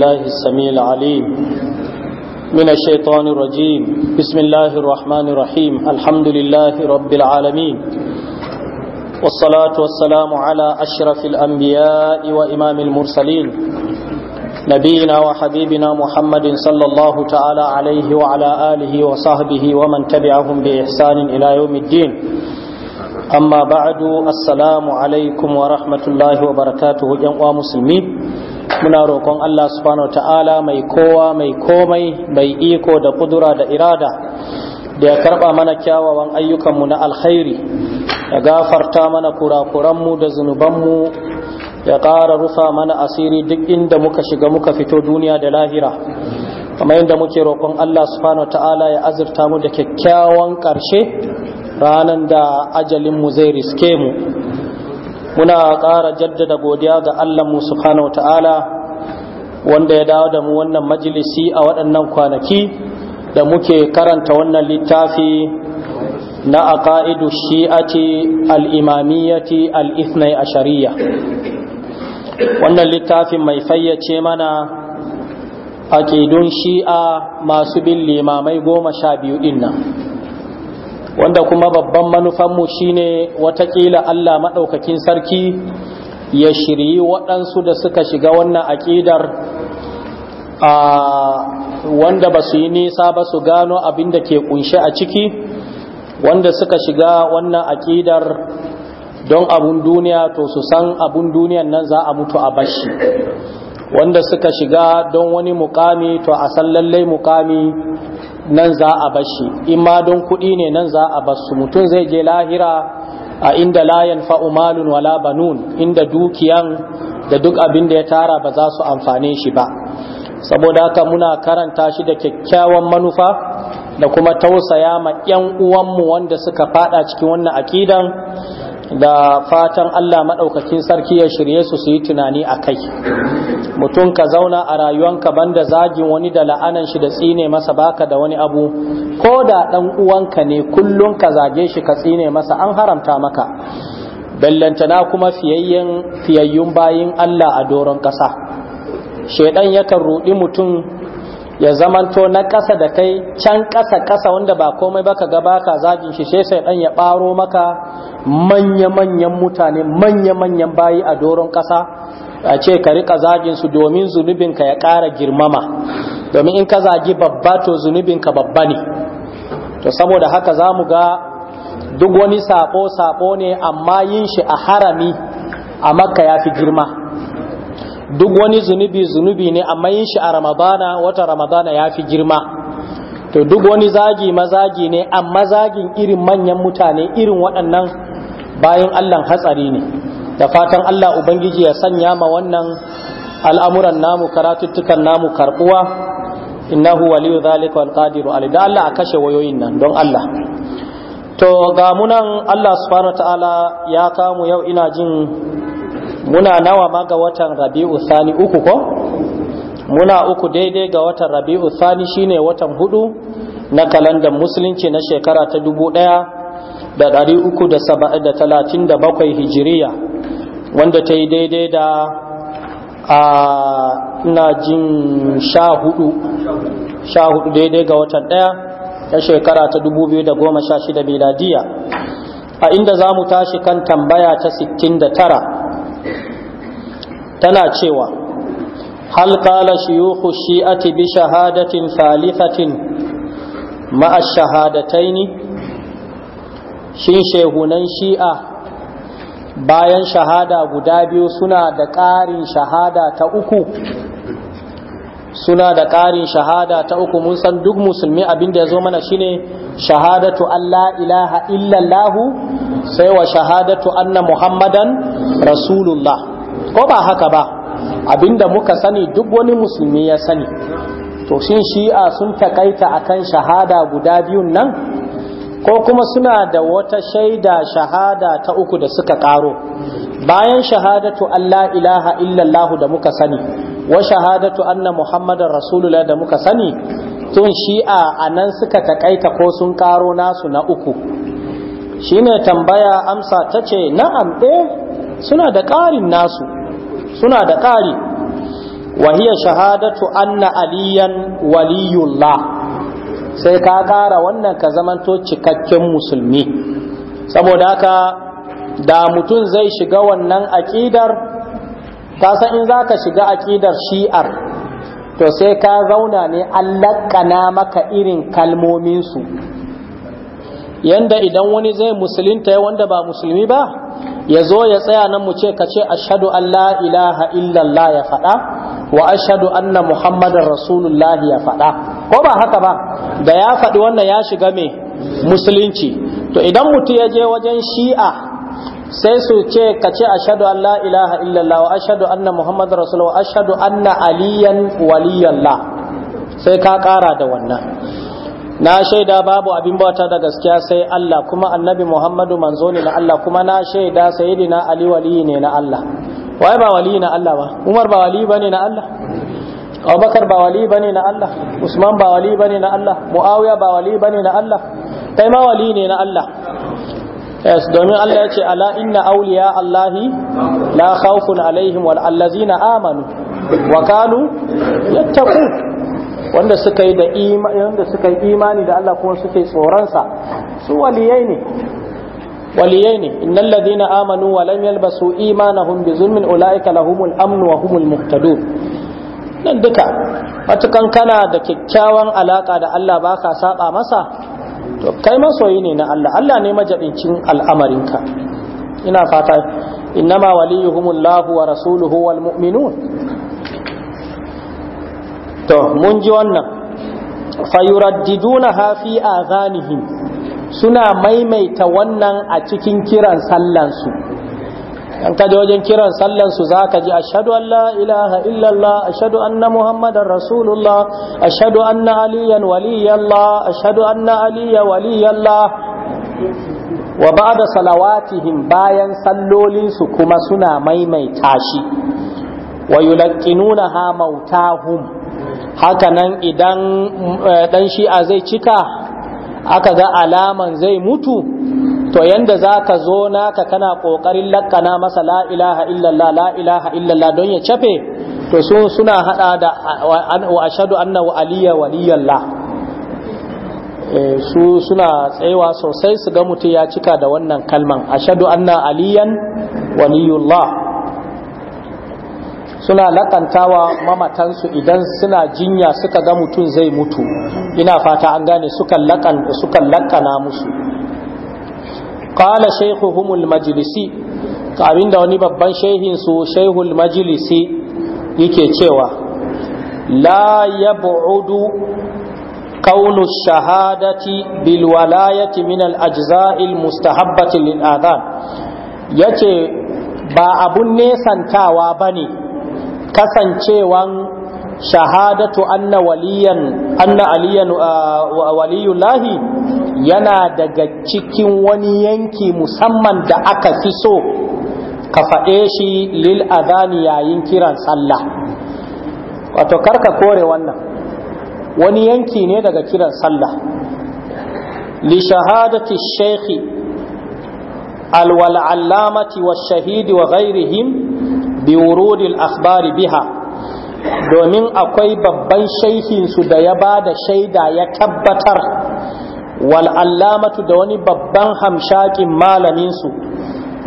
بالله السميع العليم من الشيطان الرجيم بسم الله الرحمن الرحيم الحمد لله رب العالمين والصلاة والسلام على أشرف الأنبياء وإمام المرسلين نبينا وحبيبنا محمد صلى الله تعالى عليه وعلى آله وصحبه ومن تبعهم بإحسان إلى يوم الدين amma ba'adu assalamu alaikum wa rahmatullahi wa barakatuhu yan uwa musulmi muna roƙon Allah subhanahu wa ta'ala mai kowa mai komai mai iko da kudura da irada da ya karɓa mana kyawawan ayyukanmu na alkhairi ya gafarta mana kurakuranmu da zunubanmu ya ƙara rufa mana asiri duk inda muka shiga muka fito duniya da lahira kamar yadda muke roƙon Allah subhanahu wa ta'ala ya azurta mu da kyakkyawan ƙarshe ranar da ajalinmu zai riske mu muna ƙara jaddada godiya ga Allahnmu subhanahu wa ta'ala wanda ya dawo da mu wannan majalisi a waɗannan kwanaki da muke karanta wannan littafi na aqaidu shi'ati al-imamiyyati al-ithnai ashariya wannan littafin mai fayyace mana aƙidun shi'a masu bin limamai goma sha biyu ɗin nan wanda kuma babban manufanmu shine watakila Allah maɗaukakin sarki ya shiryi waɗansu da suka shiga wannan aƙidar a wanda ba su yi nisa ba su gano abin da ke kunshe a ciki wanda suka shiga wannan aƙidar don abun duniya to su san abun duniyan nan za a mutu a bashi wanda suka shiga don wani mukami to a san lallai mukami nan za a bashi in ma don kuɗi ne nan za a basu mutum zai je lahira a inda layan fa'umalun wala banun inda dukiyan da duk abin da ya tara ba za su amfane shi ba saboda haka muna karanta shi da kyakkyawan manufa da kuma tausaya ma 'yan uwanmu wanda suka fada cikin wannan akidan. da fatan Allah maɗaukakin sarki ya shirye su su yi tunani a kai mutum ka zauna a rayuwanka banda zagin wani da la'anan shi da tsine masa baka da wani abu ko da ɗan uwanka ne kullum ka zage shi ka tsine masa an haramta maka bellantana kuma fiyayyun bayin Allah a doron ƙasa shaidan yakan ruɗi mutum ya zamanto na ƙasa da kai can ƙasa ƙasa wanda ba komai baka ga baka zagin shi sai sai dan ya ɓaro maka manya manyan mutane manya manyan bayi a doron ƙasa a ce ka rika zagin su domin zunubinka ya ƙara girmama domin in ka zagi babba to zunubinka babba ne to saboda haka za mu ga duk wani sako sako ne amma yin shi a harami a makka ya fi girma duk wani zunubi zunubi ne amma yin shi a ramadana wata ramadana ya fi girma to duk wani zagi mazagi ne amma zagin irin manyan mutane irin waɗannan bayan allah hatsari ne da fatan allah ubangiji ya sanya ma wannan al'amuran namu karatuttukan namu karɓuwa innahu waliyu zalika wal qadiru alai da allah a kashe wayoyin nan don allah to ga munan allah subhanahu ta'ala ya kamu yau ina jin muna nawa ma ga watan rabi'u sani uku ko muna uku daidai ga watan rabi'u sani shine watan hudu na kalandar musulunci na shekara ta dubu daya da dari uku da da talatin da bakwai hijiriya wanda ta yi daidai da a ina jin sha hudu sha hudu daidai ga watan daya na shekara ta dubu biyu da goma sha shida miladiya a inda za mu tashi kan tambaya ta sittin da tara tana cewa hal qala shuyukhu shi'ati bi shahadatin salisatin ma'a shahadataini shin shehunan shi'a bayan shahada guda biyu suna da ƙarin shahada ta uku suna da ƙarin shahada ta uku mun san duk musulmi abin da ya zo mana shine shahadatu Allah ilaha illallahu sai wa shahadatu anna muhammadan rasulullah ko ba haka ba abinda muka sani duk wani musulmi ya sani to shin shi'a sun takaita akan shahada guda biyun nan ko kuma suna da wata shaida shahada ta uku da suka karo bayan shahadatu Allah ilaha illallahu da muka sani wa shahadatu anna muhammadar rasulullah da muka sani tun shi'a a nan suka takaita ko sun karo nasu na uku shine tambaya amsa ta ce na'am eh suna da ƙarin nasu suna da ƙari wahiyar shahadatu anna aliyan waliyullah sai ka ƙara wannan ka zamanto cikakken musulmi saboda haka da mutum zai shiga wannan aƙidar ta san in za ka shiga aƙidar shi'ar to sai ka zauna ne an laƙana maka irin kalmominsu yanda idan wani zai musulunta wanda ba musulmi ba ya zo ya tsaya nan mu ce ka ce ashadu an la ilaha illallah ya faɗa wa ashadu anna muhammadar rasulullahi ya faɗa ko ba haka ba da ya faɗi wannan ya shiga mai musulunci to idan mutum ya je wajen shi'a sai su ce ka ce ashadu an la ilaha illallah wa ashadu anna muhammadar rasulullah wa ashadu anna aliyan waliyallah sai ka ƙara da wannan na shaida babu abin bauta da gaskiya sai Allah kuma annabi Muhammadu manzo ne na Allah kuma na shaida sayyidina Ali wali ne na Allah wai ba wali na Allah ba Umar ba wali bane na Allah Abubakar ba wali bane na Allah Usman ba wali bane na Allah Muawiya ba wali bane na Allah kai ma wali ne na Allah yes domin Allah ya ce ala inna awliya Allahi la khawfun alaihim wal allazina amanu wa kanu yattaqun wanda suka yi imani da Allah kuma suke tsoronsa su waliyai ne waliyai ne innal ladina amanu wa lam yalbasu imanahum bi zulmin ulaika lahumul amn wa humul muhtadun nan duka matukan kana da kyakkyawan alaka da Allah baka saba masa to kai masoyi ne na Allah Allah ne majabincin al'amarinka ina fata innama waliyuhumullahu wa rasuluhu wal mu'minun to mun ji wannan fayuraddiduna fi azanihim suna maimaita wannan a cikin kiran sallansu an kaji wajen kiran sallansu za ka ji ashadu an la ilaha illallah ashadu anna muhammadan rasulullah ashadu anna aliyan waliyallah ashadu anna aliya waliyallah wa ba'da salawatihim bayan sallolinsu kuma suna maimaita shi wa yulaqqinunaha mautahum hakanan idan dan eh, shi'a zai cika aka ga alaman zai mutu to yanda za ka zo naka kana ƙoƙarin lakkana masa la ilaha illallah la ilaha illallah don ya cafe to su suna hada da wa ashadu anna wa aliyya waliyallah eh, su suna tsayawa sosai su ga mutu ya cika da wannan kalman ashadu anna aliyan waliyullah suna lakantawa mamatansu idan suna jinya suka ga mutum zai mutu ina fata an gane sukan lakana musu qala shaykhuhumul abin da wani babban shehin su majalisi yake cewa la bu'udu kaunu shahadati bilwalayati min al ajza'il mustahabbati lil yace ba abun nesantawa ba ne. kasancewan shahadatu anna waliyan anna aliyan waliyullahi yana daga cikin wani yanki musamman da aka fi so ka faɗe shi lil adani yayin kiran sallah wato karka kore wannan wani yanki ne daga kiran sallah li shahadati shaykhi alwal wa shahidi wa ghairihim bi wurudil akhbari biha domin akwai babban shaihinsu da ya ba da shaida ya tabbatar wal allamatu da wani babban hamshakin malaminsu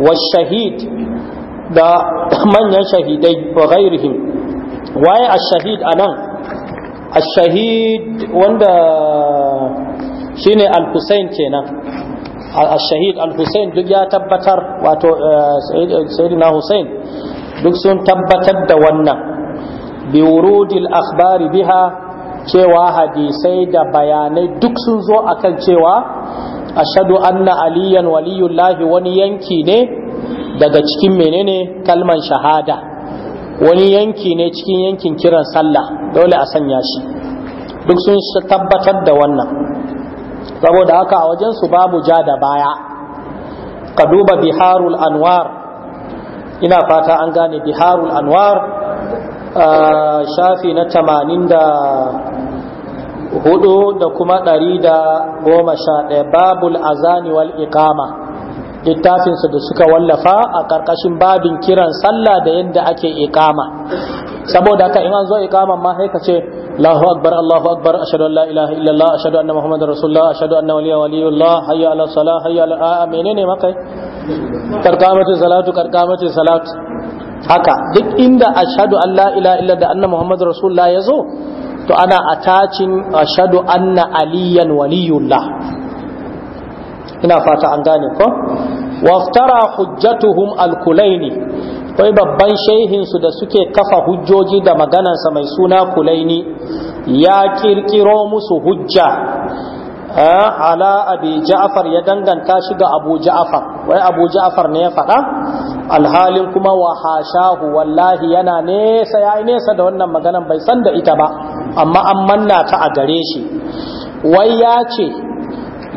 wa shahid da manyan shahidai wa ghairihim waye ash-shahid anan ash-shahid wanda shine al-Husayn kenan ash-shahid al-Husayn duk ya tabbatar wato eh, sayyidina Husayn duk sun tabbatar da wannan bi wurudil akhbari biha cewa hadisai da bayanai duk sun zo akan cewa ashadu anna aliyan waliyullahi wani yanki ne daga cikin menene kalman shahada wani yanki ne cikin yankin kiran sallah dole a sanya shi duk sun tabbatar da wannan saboda haka a wajensu babu ja da baya ka duba biharul anwar ina fata an gane biharul anwar shafi na tamanin da hudu da kuma ɗari da goma sha ɗaya babul azani wal iqama littafinsu da suka wallafa a ƙarƙashin babin kiran sallah da yadda ake iqama saboda haka in an zo iqaman ma sai الله أكبر الله أكبر أشهد أن لا إله إلا الله أشهد أن محمد رسول الله أشهد أن ولي ولي الله حي على الصلاة حي على آمين salatu karkamatu salatu haka duk inda ashhadu an la illa da anna muhammad rasulullah yazo to ana attaching ashhadu anna aliyan waliyullah ina fata an gane ko waftara hujjatuhum al babban shaihinsu da suke kafa hujjoji da maganarsa mai suna kulaini ya kirkiro musu hujja ala abi ja'far ya danganta shi ga abu ja'far wai abu ja'far ne ya faɗa alhalin kuma wa hashahu wallahi yana nesa ya nesa da wannan maganan bai san da ita ba amma an manna ta a gare shi wai ya ce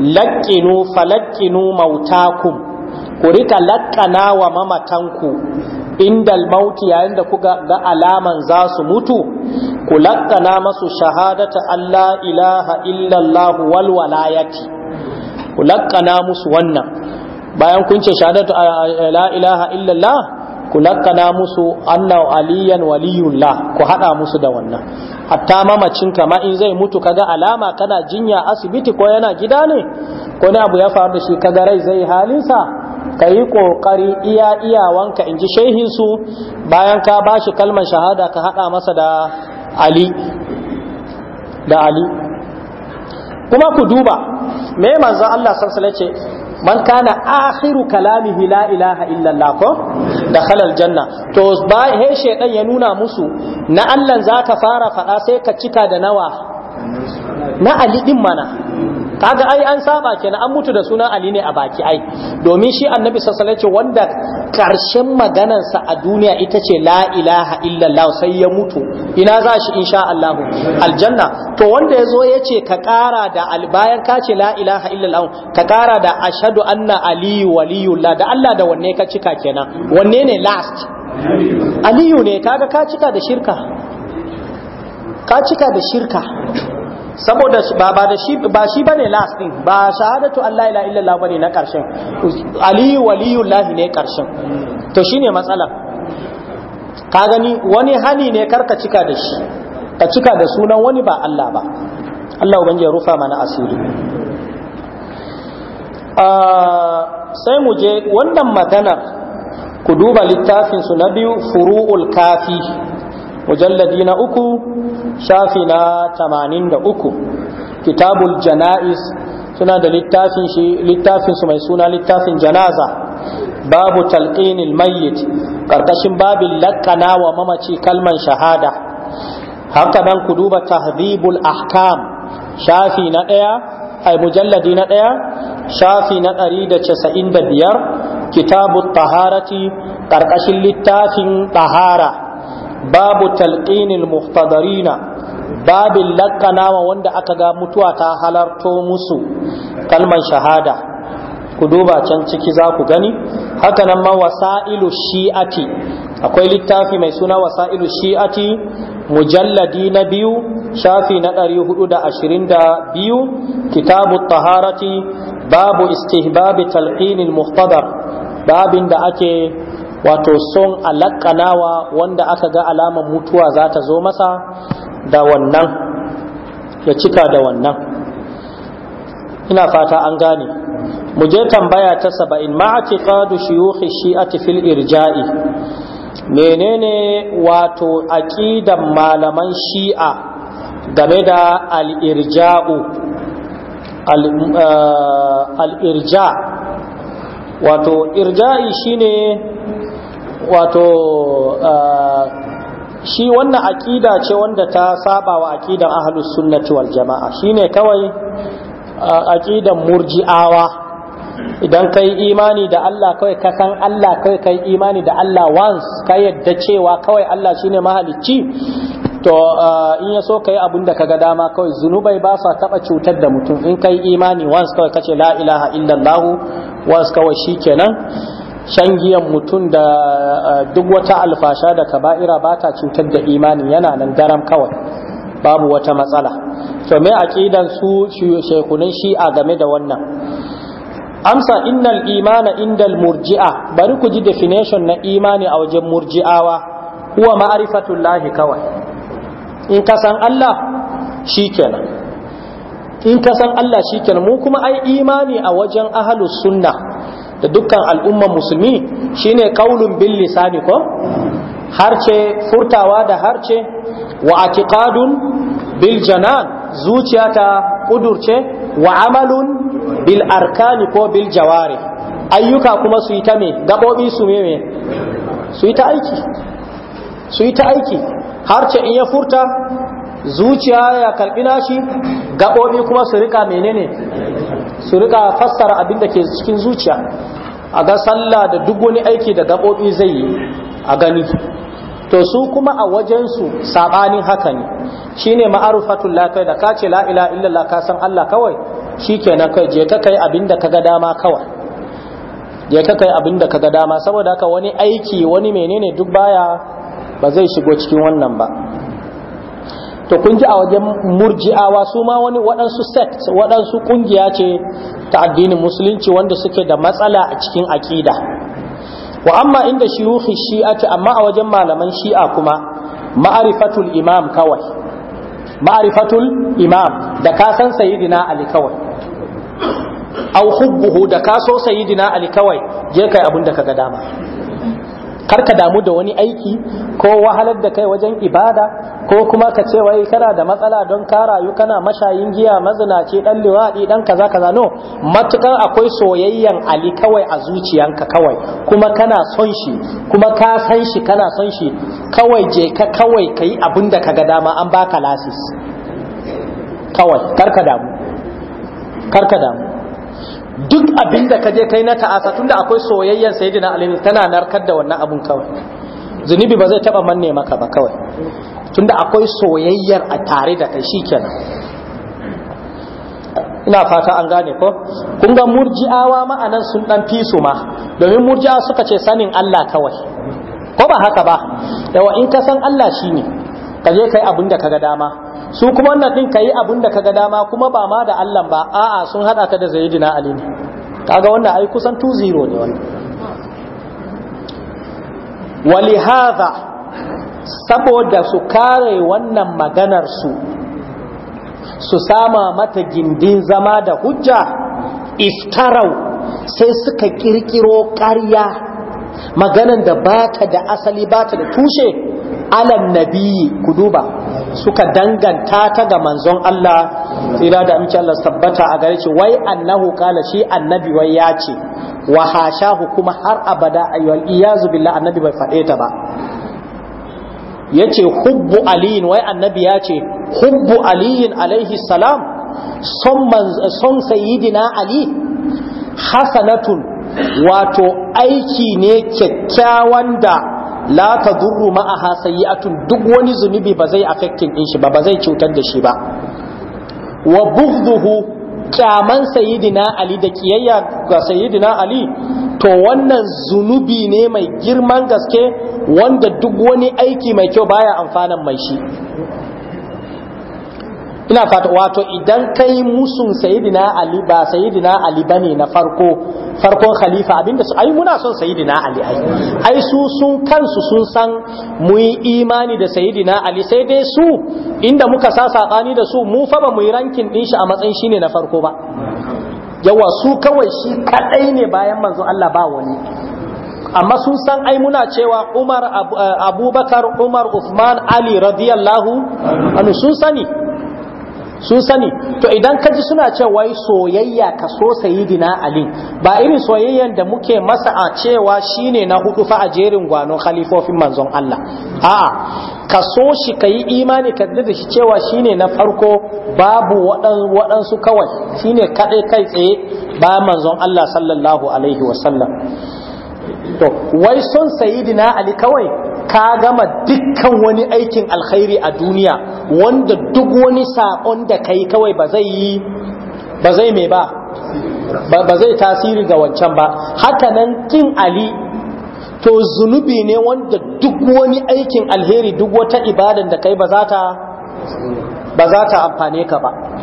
laƙinu falaƙinu mautakum ku rika laƙana wa mamatanku indal mauti yayin da kuka ga alaman za su mutu ku lakana masu shahadata Allah ilaha illallah wal walayati ku lakkana musu wannan bayan kun ce shahadatu la ilaha illallah ku lakkana musu annahu aliyan waliyullah ku hada musu da wannan hatta mamacin ka ma in zai mutu kaga alama kana jinya asibiti ko yana gida ne ko ne abu ya faru da shi kaga rai zai halinsa ka yi ƙoƙari iya iyawanka in ji su bayan ka ba shi kalmar shahada ka haɗa masa da ali da ali kuma ku duba me manzo Allah sarsala ce man kana akhiru kalamihi la ilaha illallah ko da halal janna to ba he shedan ya nuna musu na Allah zaka fara faɗa sai ka cika da nawa na ali din mana kaga ai an saba kenan an mutu da sunan ali ne a baki ai domin shi annabi sallallahu alaihi wanda karshen maganarsa a duniya ita ce la ilaha illallah sai ya mutu ina za shi insha Allah aljanna to wanda yazo yace ka kara da bayan ka ce la ilaha illallah ka kara da ashadu anna ali waliyullah da Allah da wanne ka cika kenan wanne ne last aliyu ne kaga ka cika da shirka ka cika da shirka saboda ba ba da shi ba shi bane last din ba shahadatu Allah ila ilaha illallah bane na karshen Ali waliyullahi ne karshen to shine matsala ka gani wani hani ne karka cika da shi ka cika da sunan wani ba Allah ba Allah ubangiji ya rufa mana asiri ah, sai mu je wannan maganar ku duba littafin su na biyu furu'ul kafi mujalladi na uku shafi na tamanin da uku kitabul jana'iz suna da littafin su mai suna littafin janaza babu talqinil mayyit karkashin babin laqana wa mamaci kalman shahada haka nan ku duba tahdhibul ahkam shafi na ɗaya ai mujalladi na ɗaya shafi na 195 kitabu taharati karkashin littafin tahara babu talqinil muhtadarina babin lakkanawa wanda aka ga mutuwa ta halarto musu kalmar shahada ku duba can ciki za ku gani hakanan ma wasa'ilu shi'ati akwai littafi mai suna wasa'ilu shi'ati mujalladi na biyu shafi na 422 kitabu taharati babu istihbabi talqinil muhtadar babin da ake wato son alakkanawa wanda aka ga alamar mutuwa za ta zo masa da wannan ya cika da wannan ina fata an gane mu je tambaya ta saba'in shi a shi'ati fil irja'i menene wato aƙidan malaman shi'a game da al'irja'u eh, al'irja wato irja'i shine wato shi wannan aƙida ce wanda ta saba wa aƙidan ahlus sunnati wal jama'a shine kawai aƙidan murji'awa idan kai imani da Allah kawai ka san Allah kawai kai imani da Allah once ka yadda cewa kawai Allah shine mahalicci to in ya so ka yi abin da ka ga dama kawai zunubai ba sa taɓa cutar da mutum in kai imani once kawai kace la ilaha illallah once kawai shikenan shan giyan mutum da duk wata alfasha da kaba'ira ba ta cutar da imani yana nan daram kawai babu wata matsala to me aqidan su shekunin a game da wannan amsa innal imana indal murji'a bari ku ji definition na imani a wajen murji'awa huwa ma'rifatul kawai in ka san Allah shikenan in ka san Allah shikenan mu kuma ai imani a wajen ahlus sunna da dukkan al'ummar musulmi shine kaulun bil lisani ko harce furtawa da harce wa atiqadun bil janan zuciya ta kudurce wa amalun bil arkani ko bil jawari ayyuka kuma su yi ta me gabobi su me su yi ta aiki su yi ta aiki harce in ya furta zuciya ya karbi nashi gabobi kuma su rika menene su rika fassara abin da ke cikin zuciya a ga sallah da duk wani aiki da gaɓoɓi zai yi a gani to su kuma a wajen wajensu saɓanin haka ne shine ma'arufatul lakai da ka ce la'ila illallah ka san Allah kawai na kai je ka kai abin da ka ga dama kawai je ka kai abin da ka ga dama saboda haka wani aiki wani menene duk baya ba zai shigo cikin wannan ba to kun ji a wajen murji'awa su ma wani waɗansu sect waɗansu ƙungiya ce ta addinin musulunci wanda suke da matsala a cikin aƙida wa amma inda shi shi'a ce amma a wajen malaman shi'a kuma ma'arifatul imam kawai ma'arifatul imam da ka san sayyidina ali kawai au hubbuhu da ka so sayyidina ali kawai je kai abin da ka ga dama karka damu da wani aiki ko wahalar da kai wajen ibada ko kuma ka ce wai kana da matsala don ka rayu kana mashayin giya mazinaci dan liwadi dan kaza kaza no matukar akwai soyayyan ali kawai a zuciyanka kawai kuma kana son shi kuma ka san shi kana son shi kawai je ka kawai kai abin da kaga dama an baka lasis kawai karka damu kar damu duk abin da ka je kai na ta'asa tunda akwai soyayyar sayyidina ali tana narkar da wannan abun kawai zunubi ba zai taba manne maka ba kawai tunda akwai soyayyar a tare da kai shikenan ina fata an gane ko kun ga murji'awa ma'anan sun dan fi su ma domin murji'a suka ce sanin Allah kawai ko ba haka ba yawa in ka san Allah shine ka je kai abin da kaga dama su kuma wannan din kayi abin da kaga dama kuma ba ma da Allah ba a'a sun hada ka da Zayyidina Ali ne kaga wannan ai kusan 20 ne wannan walihadha saboda su kare wannan maganar su su sama mata gindin zama da hujja iftarau sai suka kirkiro ƙarya maganan da bata da asali bata da tushe alam nabiyyi ku duba suka danganta ta ga manzon Allah ila da amince Allah tabbata a gare shi wai annahu kala shi annabi wai ya ce wa hashahu kuma har abada ayyul iyazu billah annabi bai faɗe ta ba yace hubbu aliyin wai annabi ya ce hubbu aliyin alaihi salam son son sayyidina ali hasanatun wato aiki ne kyakkyawan da la tadurru ma'aha sayi'atun duk wani zunubi ba zai affecting din shi ba ba zai cutar da shi ba wa bughduhu kaman sayyidina ali da kiyayya ga sayyidina ali to wannan zunubi ne mai girman gaske wanda duk wani aiki mai kyau baya amfanan mai shi ina fata wato idan kai musu sayidina ali ba sayidina ali bane na farko farkon khalifa abinda su ai muna son sayidina ali ai ai su sun kansu sun san mu yi imani da sayidina ali sai dai su inda muka sa sabani da su mu fa ba mu yi rankin din shi a matsayin shine na farko ba yawa su kawai shi kadai ne bayan manzo Allah ba wani amma sun san ai muna cewa Umar Abubakar Umar Uthman Ali radiyallahu anhu sun sani sun sani to idan ka ji suna ce wai soyayya ka so sayidina ali ba irin soyayyan da muke masa a cewa shine na hudu fa a jerin gwano khalifofin manzon Allah a'a ka so shi ka yi imani ka da shi cewa shine na farko babu waɗansu kawai shine kaɗai kai tsaye ba manzon Allah sallallahu alaihi wasallam to wai son sayidina ali kawai ka gama dukkan wani aikin alkhairi a duniya wanda duk wani saƙon da kai kawai ba zai yi ba zai mai ba ba zai tasiri ga wancan ba haka nan kin ali to zunubi ne wanda duk wani aikin alheri duk wata ibadan da kai ba za ba za ta amfane ka ba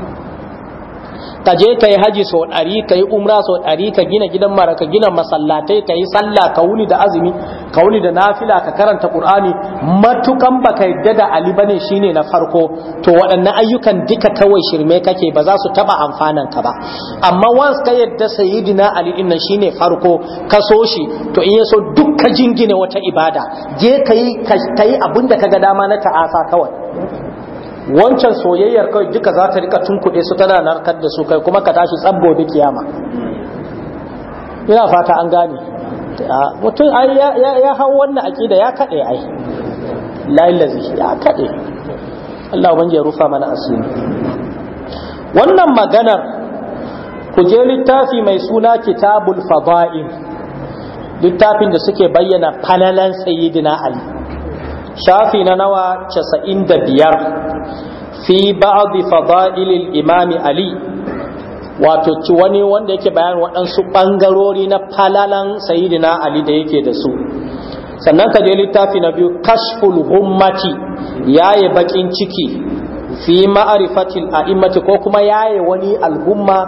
ka je ka yi haji sau ɗari ka yi umra sau ɗari ka gina gidan mara ka gina masallatai ka yi sallah ka wuni da azumi ka wuni da nafila ka karanta ƙur'ani matukan ba ka yadda da ali bane shine na farko to waɗannan ayyukan duka kawai shirme kake ba za su taɓa amfanan ka ba amma once ka yadda sayyidina ali din nan shine farko ka so shi to in yaso duk ka jingina wata ibada je ka yi abin da ka ga dama na ta'asa kawai wancan soyayyar kawai duka za ta rika tunkuɗe su tana narkar da su kai kuma ka tashi tsabbo da kiyama ina fata an gane mutum ya hau wannan aƙida ya kaɗe ai la'ilazi ya kaɗe Allah ubangiji ya rufa mana asiri wannan maganar ku je littafi mai suna kitabul fada'il littafin da suke bayyana falalan sayyidina ali شافي na nawa casa'in da biyar fi الإمام علي imami ali wato ci wani wanda yake bayan waɗansu ɓangarori na falalan sayidina ali da yake da su sannan ka je littafi na biyu kashful hummati yaye bakin ciki fi ma'arifatil a'immati ko kuma yaye wani al'umma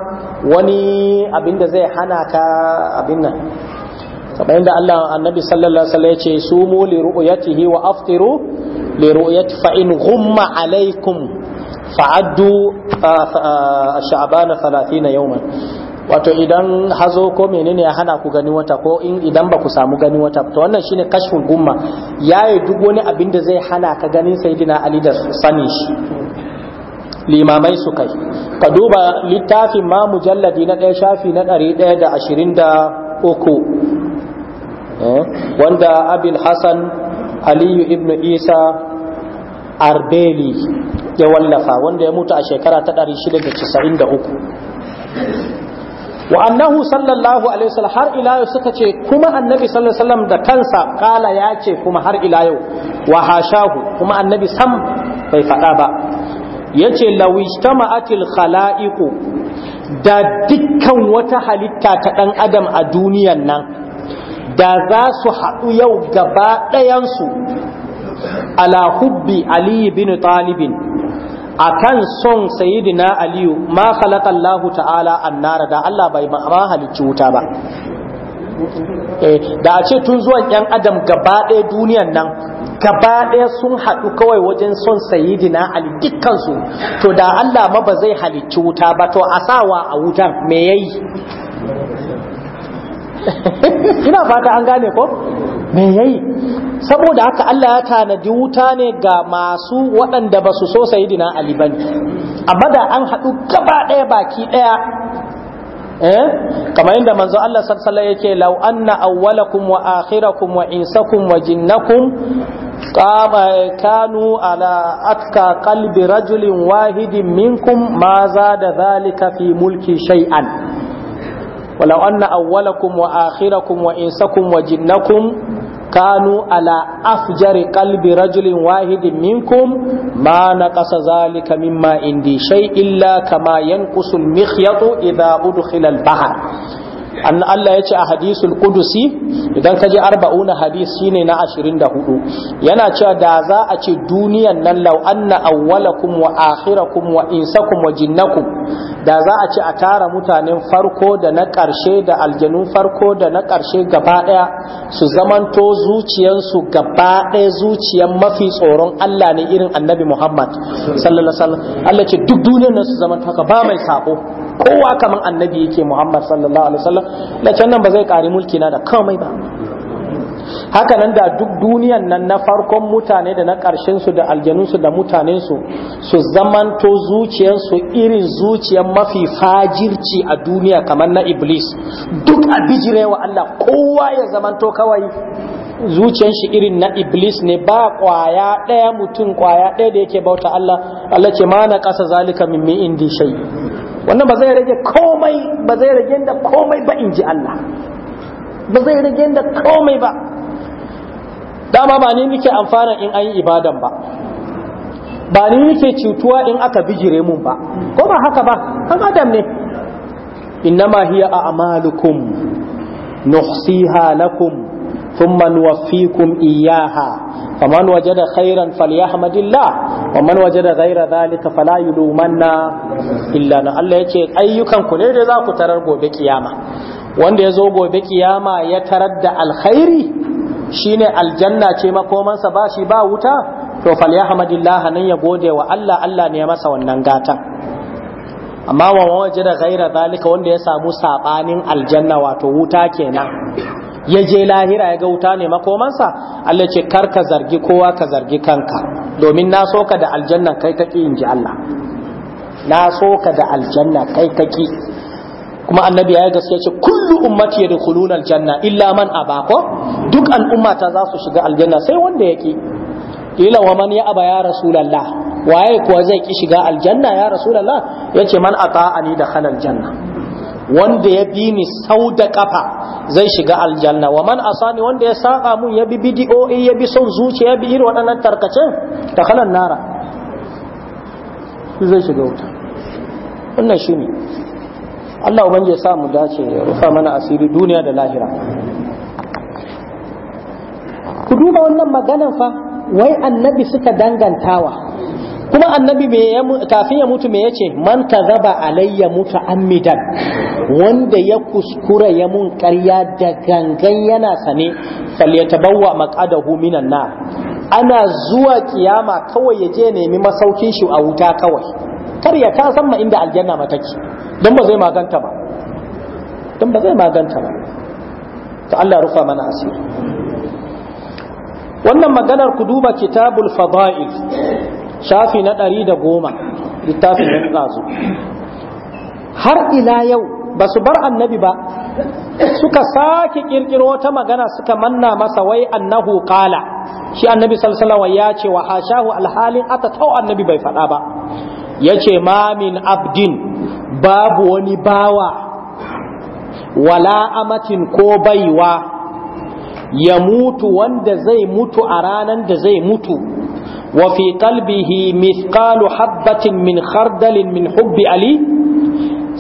wani abin da zai hana ka abin nan kamar yadda Allah annabi sallallahu alaihi wasallam ya ce sumu li ru'yatihi wa aftiru li ru'yati fa in ghumma alaikum fa'addu sha'ban 30 yawman wato idan hazo ko menene ya hana ku gani wata ko in idan ba ku samu gani wata to wannan shine kashful gumma yayi duk wani abin da zai hana ka ganin sayyidina ali da sani shi limamai su kai ka duba littafin ma mujalladi na ɗaya shafi na ɗari ɗaya da ashirin da uku Eh? wanda abin hassan aliyu ibn isa arbeli ya wallafa wanda ya mutu a shekara ta 693 wa annahu sallallahu alaihi wasallam har ila yau suka ce kuma annabi sallallahu alaihi wasallam da kansa kala ya ce kuma har ila yau wa hashahu kuma annabi sam bai faɗa ba yace lawistama'atil khala'iqu da dukkan wata halitta ta ɗan adam a duniyan nan da za su haɗu yau gaba ɗayansu ala hubbi aliyu bin talibin a kan son sayidina aliyu ma khalaqa Allah ta'ala annara da Allah bai ma halicci wuta ba eh, da a ce tun zuwan yan adam gaba ɗaya duniyan nan gaba ɗaya sun haɗu kawai wajen son sayidina ali dukkansu to da Allah ma ba zai halicci wuta ba to a asawa a wutan me yayi ina fata an gane ko me yayi saboda haka Allah ya tanadi wuta ne ga masu waɗanda ba su so sayidina Ali bane amma da an haɗu gaba ɗaya baki ɗaya eh kamar yadda manzo Allah sallallahu alaihi yake law anna awwalakum wa akhirakum wa insakum wa jinnakum kanu ala atka qalbi rajulin wahidin minkum ma zada dhalika fi mulki shay'an ولو أن أولكم وآخركم وإنسكم وجنكم كانوا على أفجر قلب رجل واحد منكم ما نقص ذلك مما عندي شيء إلا كما ينقص المخيط إذا أدخل البحر an Allah ya ce a hadisul kudusi idan ka ji arba'una hadis shine na ashirin da hudu yana cewa da za a ce duniyan nan lau anna awwalakum wa wa da za a ci a tara mutanen farko da na ƙarshe da aljanun farko da na ƙarshe gaba ɗaya su zamanto zuciyansu gaba ɗaya zuciyan mafi tsoron Allah ne irin annabi Muhammad sallallahu alaihi Allah ce duk duniyar nan su zamanto haka ba mai sako kowa kaman annabi yake Muhammad sallallahu alaihi wasallam da can nan ba zai ƙari mulki na da komai ba haka nan da duk duniyan nan na farkon mutane da na ƙarshen su da aljanun su da mutanensu su su zamanto su irin zuciyar mafi fajirci a duniya kamar na iblis duk a bijirewa Allah kowa ya zamanto kawai zuciyar shi irin na iblis ne ba kwaya ɗaya mutum kwaya ɗaya da yake bauta Allah Allah ce ma na ƙasa zalika min mi indi shai. wannan ba zai rage komai ba zai rage da komai ba in ji Allah ba zai rage da komai ba dama ba ni nike amfana in an yi ibadan ba ba ni nike cutuwa in aka bijire mun ba ko ba haka ba an adam ne innama hiya a amalukum nuhsiha lakum thumma nuwaffikum iyaha faman wajada khairan falyahmadillah waman wajada ghaira dhalika fala yulumanna illa na Allah yace ayyukan ku ne da za ku tarar gobe kiyama wanda ya zo gobe kiyama ya tarar da alkhairi Shi ne aljanna ce makomansa ba shi ba wuta to falyahmadillah nan ya gode wa Allah Allah ne ya masa wannan gatan amma wa waje da ghaira zalika wanda ya samu sabanin aljanna wato wuta kenan ya je lahira ya ga wuta ne makomansa Allah ce kar ka zargi kowa ka zargi kanka domin na so ka da aljanna kai kaki inji Allah na so ka da aljanna kai kaki kuma annabi ya yi gaskiya ce kullu ummati yadkhuluna aljanna illa man abako duk al'umma ta za su shiga aljanna sai wanda yake ila wa man ya aba ya rasulullah waye kuwa zai ki shiga aljanna ya rasulullah yace man ata'ani dakhala janna. wanda ya bi ni sau da kafa zai shiga aljanna wa man asani wanda ya saka mun ya bi bidi'o'i ya bi son zuciya ya bi irin waɗannan ta dakhala nara zai shiga wuta wannan shine Allah ubangi ya sa mu dace ya rufa mana asiri duniya da lahira ku duba wannan maganan fa wai annabi suka dangantawa kuma annabi kafin ya mutu me yace man kazaba alayya mutu amidan wanda ya kuskura ya mun karya da gangan yana sane falyatabawwa maqadahu minan nar ana zuwa kiyama kawai ya je nemi masaukin shi a wuta kawai kar ya kasan ma inda aljanna mataki don ba zai maganta ba don ba zai maganta ba ta Allah rufa mana asiri wannan maganar ku duba kitabul fada'il shafi na ɗari da goma littafin yan ƙazo har ila yau ba su bar annabi ba suka sake kirkiro ta magana suka manna masa wai annahu qala shi annabi sallallahu ya ce wa hashahu alhalin aka tau annabi bai faɗa ba yace ma min abdin babu wani bawa wala amatin ko baiwa ya mutu wanda zai mutu a ranan da zai mutu wa fi qalbihi mithqalu habbatin min khardalin min hubbi ali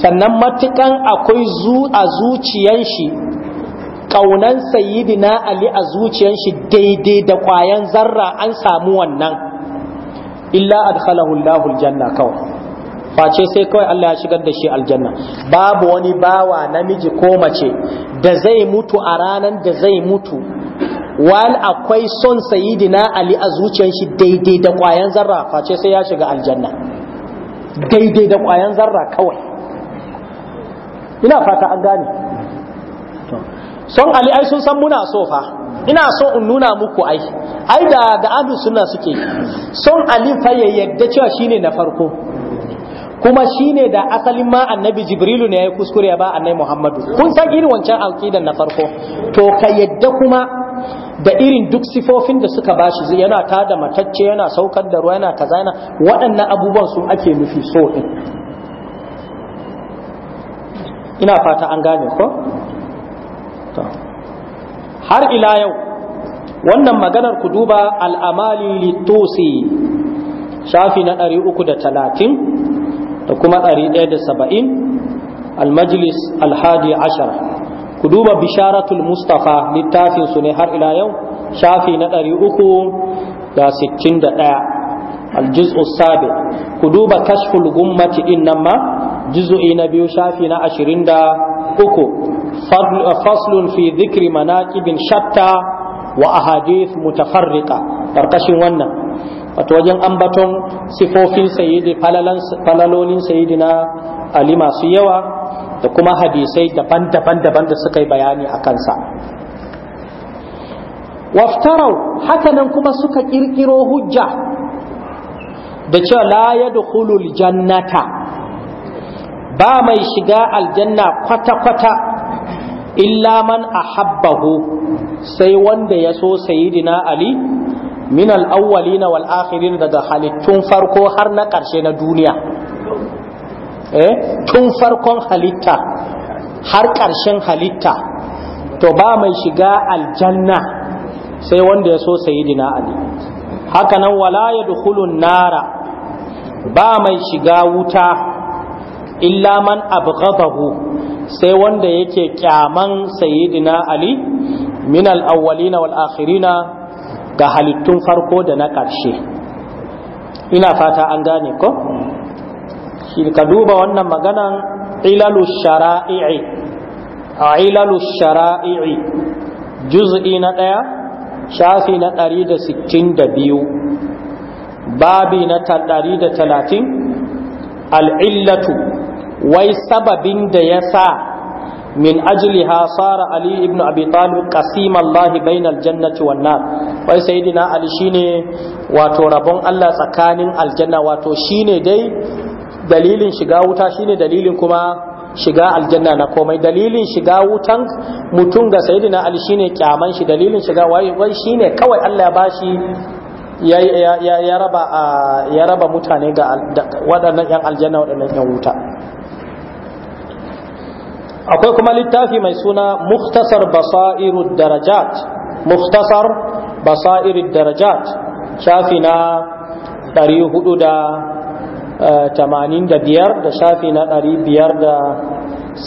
sannan matukan akwai zu a zuciyan shi kaunan sayyidina ali a zuciyan shi daidai da kwayan zarra an samu wannan illa adkhalahu Allahul janna kawai face sai kawai Allah ya shigar da shi aljanna babu wani bawa namiji ko mace da zai mutu a ranan da zai mutu wal akwai son sayidina ali a zuciyar shi daidai da kwayan zarra face sai ya shiga aljanna daidai da kwayan zarra kawai ina fata an gane son ali ai sun san muna so fa ina so in nuna muku ai ai da da ahlus sunna suke son ali fa ya yadda cewa shine na farko kuma shine da asalin ma annabi jibrilu ne ya kuskure ba annabi muhammadu kun san irin wancan alƙidan na farko to ka yadda kuma da irin duk sifofin da suka bashi yana tada matacce yana saukar da ruwa yana kaza yana waɗannan abubuwan su ake nufi so din ina fata an gane ko har ila yau wannan maganar ku duba al'amali litusi shafi na ɗari uku da talatin da kuma ɗaya saba'in almajlis alhadi Ashar ku duba bisharatul Mustapha littafinsu ne har ila yau shafi na ɗaya aljizu sabi ku duba kashful gummati ɗin nan ma jizu'i na biyu shafi na da uku faslun fi dhikri manaqibin shatta wa mu tafarrika karkashin wannan wato wajen ambaton sifofin sayyidi falalolin sayyidina ali masu yawa da kuma hadisai daban-daban daban da suka yi bayani a kansa waftarau hakanan kuma suka kirkiro hujja da cewa la dukulul jannata ba mai shiga aljanna kwata-kwata illa man a habbahu, sai wanda ya so sayidina ali min al-awwalin wal daga halittun farko har na ƙarshe na duniya eh tun farkon halitta har ƙarshen halitta to ba mai shiga aljanna sai wanda ya so sayidina ali haka nan wala yadkhulun nara ba mai shiga wuta illa man abghadahu sai wanda yake kyaman sayidina ali min al-awwalina wal ga halittun farko da na ƙarshe ina fata an gane ko shi ka duba wannan maganan ilalu shara'i'i a ilalu shara'i'i juz'i na ɗaya shafi na ɗari da sittin da biyu babi na ɗari da talatin al'illatu wai sababin da ya sa min ha sara ali ibn abi talib qasim bainar jannati wannan. wai sayyidina ali shine wato rabon Allah tsakanin aljanna wato shine dai dalilin shiga wuta shine dalilin kuma shiga aljanna na komai dalilin shiga wutan mutum ga sayyidina ali shine kyaman shi dalilin shiga wai wai shine kawai Allah ya bashi ya ya ya raba ya raba mutane ga waɗannan yan aljanna waɗannan yan wuta akwai kuma littafi mai suna muhtasar basairu darajat muhtasar basairid darajat shafi na 485 eh, da shafi na 576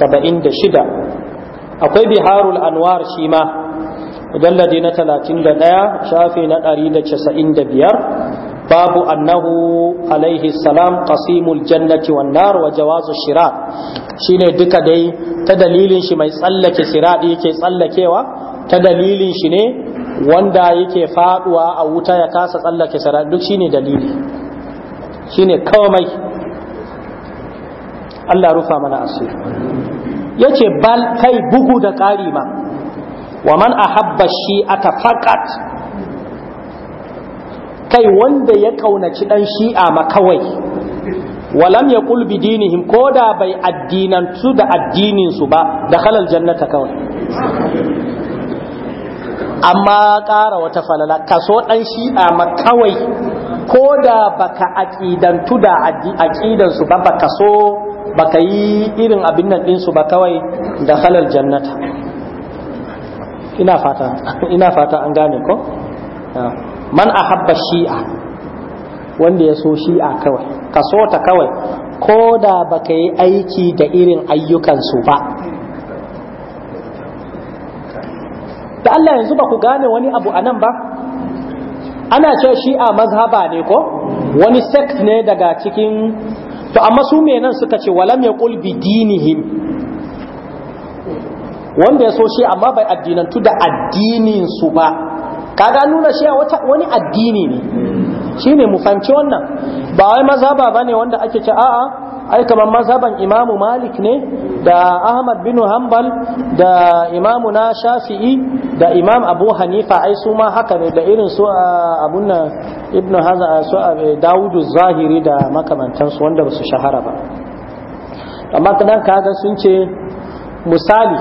akwai biharul anwar shi ma mujalladi na 31 shafi na 195 babu annahu alaihi salam qasimul jannati wan nar wa jawazu shirat shine duka dai ta dalilin shi mai tsallake siradi yake tsallakewa ta dalilin shi ne wanda yake faduwa a wuta ya kasa tsallake sara duk shine dalili shine komai Allah rufa mana asiri yace bal kai bugu da ƙari ma wa man ahabba shi'ata faqat kai wanda ya kaunaci dan shi'a ma kawai walam yaqul bi dinihim da bai addinantu da addinin su ba da halal jannata kawai amma ƙara wata falala kaso ɗan shi'a ma kawai ko da baka aƙidantu da aƙidansu ba baka so baka yi irin abin nan ɗinsu ba kawai da halal jannata ina fata ina fata an gane ko ah. man ahabba shi'a wanda ya so shi'a kawai kaso ta kawai ko da baka yi aiki da irin ayyukansu ba da Allah yanzu ba ku gane wani abu a nan ba ana ce shi a mazhaba ne ko wani sect ne daga cikin to amma su nan suka ce walam ya bi dinihim wanda ya so shi amma bai addinantu da addinin su ba kaga nuna shi a wani addini ne shine mu fanci wannan ba wai mazhaba bane wanda ake ce a'a ai kamar mazhaban imamu malik ne da ahmad bin hanbal da imamu na shafi'i da imam abu hanifa ai su ma haka ne da irin su abun nan ibn haza su dawudu zahiri da makamantansu wanda ba su shahara ba amma kadan kaga sun ce misali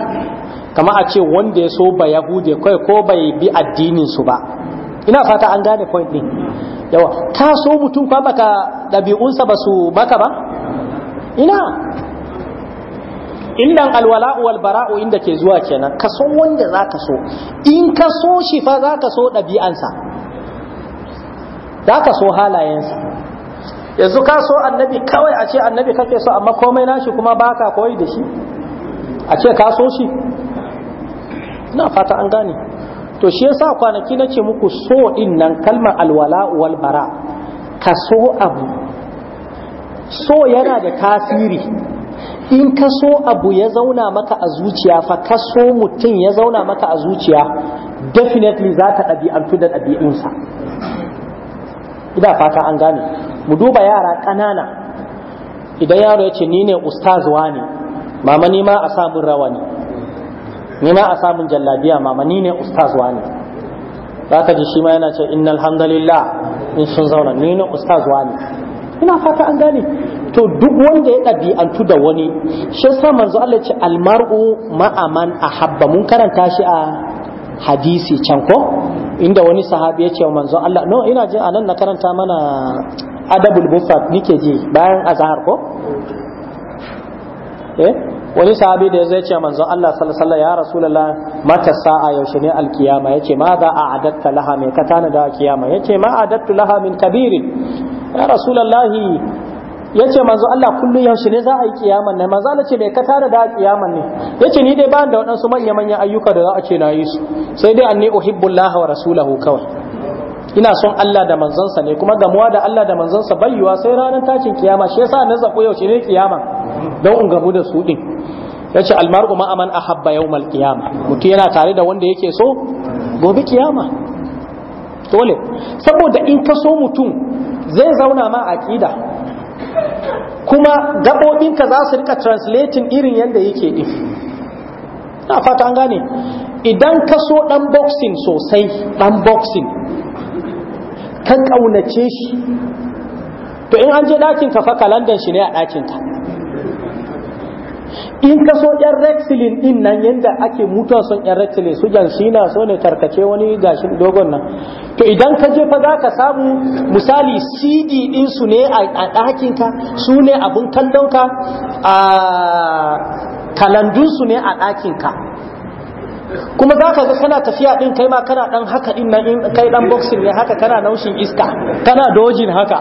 kama a ce wanda ya so ba yahude kai ko bai bi addinin su ba ina fata an gane point din yawa ka so mutum kwa baka ɗabi'unsa ba su baka ba ina illan alwala'u wal bara'u inda ke zuwa kenan ka so wanda zaka so in ka so shi fa zaka so ɗabi'ansa zaka so halayensa yanzu ka so annabi kawai a ce annabi kake so amma komai nashi kuma baka koyi da shi a ce ka so shi ina fata an gane to shi yasa kwanaki nake muku so din nan kalmar alwala'u wal bara ka so abu so yana da tasiri in ka so abu ya zauna maka a zuciya fa ka so mutum ya zauna maka a zuciya definitely za ta ɗabi'antu da ɗabi'unsa ina fata an gane mu duba yara ƙanana idan yaro ya ce ni ne ustazuwa ne mama ni ma a samun rawani ni ma a samun jallabiya mama ni ne ustazuwa ne za ka ji shi ma yana ce innal hamdalillah in sun zauna ni ne ustazuwa ne ina fata an gane to duk wanda ya ɗabi'antu da wani shi sa manzo Allah ce almar'u ma'aman habba mun karanta shi a hadisi can ko inda wani sahabi ya ce wa manzo Allah no ina jin anan na karanta mana adabul mufrad nike ji bayan azhar ko eh wani sahabi da zai ce manzo Allah sallallahu alaihi ya rasulullah mata sa'a yaushe ne alkiyama yace ma za a adatta laha mai ka tana da kiyama yace ma adattu laha min kabirin ya rasulallahi ya ce manzo Allah kullum yaushe ne za a yi kiyaman ne manzo Allah ce bai ka tare da kiyaman ne ya ce ni dai ba da waɗansu manya manyan ayyuka da za a ce na yi su sai dai anni uhibbullah wa rasulahu kawai ina son Allah da manzonsa ne kuma gamuwa da Allah da manzonsa bayyuwa sai ranar tashin kiyama shi yasa na zako yaushe ne kiyama don in gamu da su din ya ce almar'u ma aman ahabba yawmal kiyama mutum yana tare da wanda yake so gobe kiyama dole saboda in ka so mutum zai zauna ma a ƙida, kuma gaɓoɓinka za su rika translating irin yadda yake ɗin na fata an gane idan ka so ɗan boxing sosai ɗan boxing ka ƙaunace shi to in an je ɗakin ka fa kalandan shi ne a ɗakinka in ka so yan rexilin din nan yadda ake mutuwa son yan rexilin su jansina so ne tarkace wani gashin dogon nan to idan ka je fa za ka samu misali cd din su ne a ɗakin ka su ne abun kallon ka a kalandun su ne a ɗakin ka kuma za ka ga kana tafiya din kai ma kana dan haka din nan kai dan boxing ne haka kana naushin iska kana dojin haka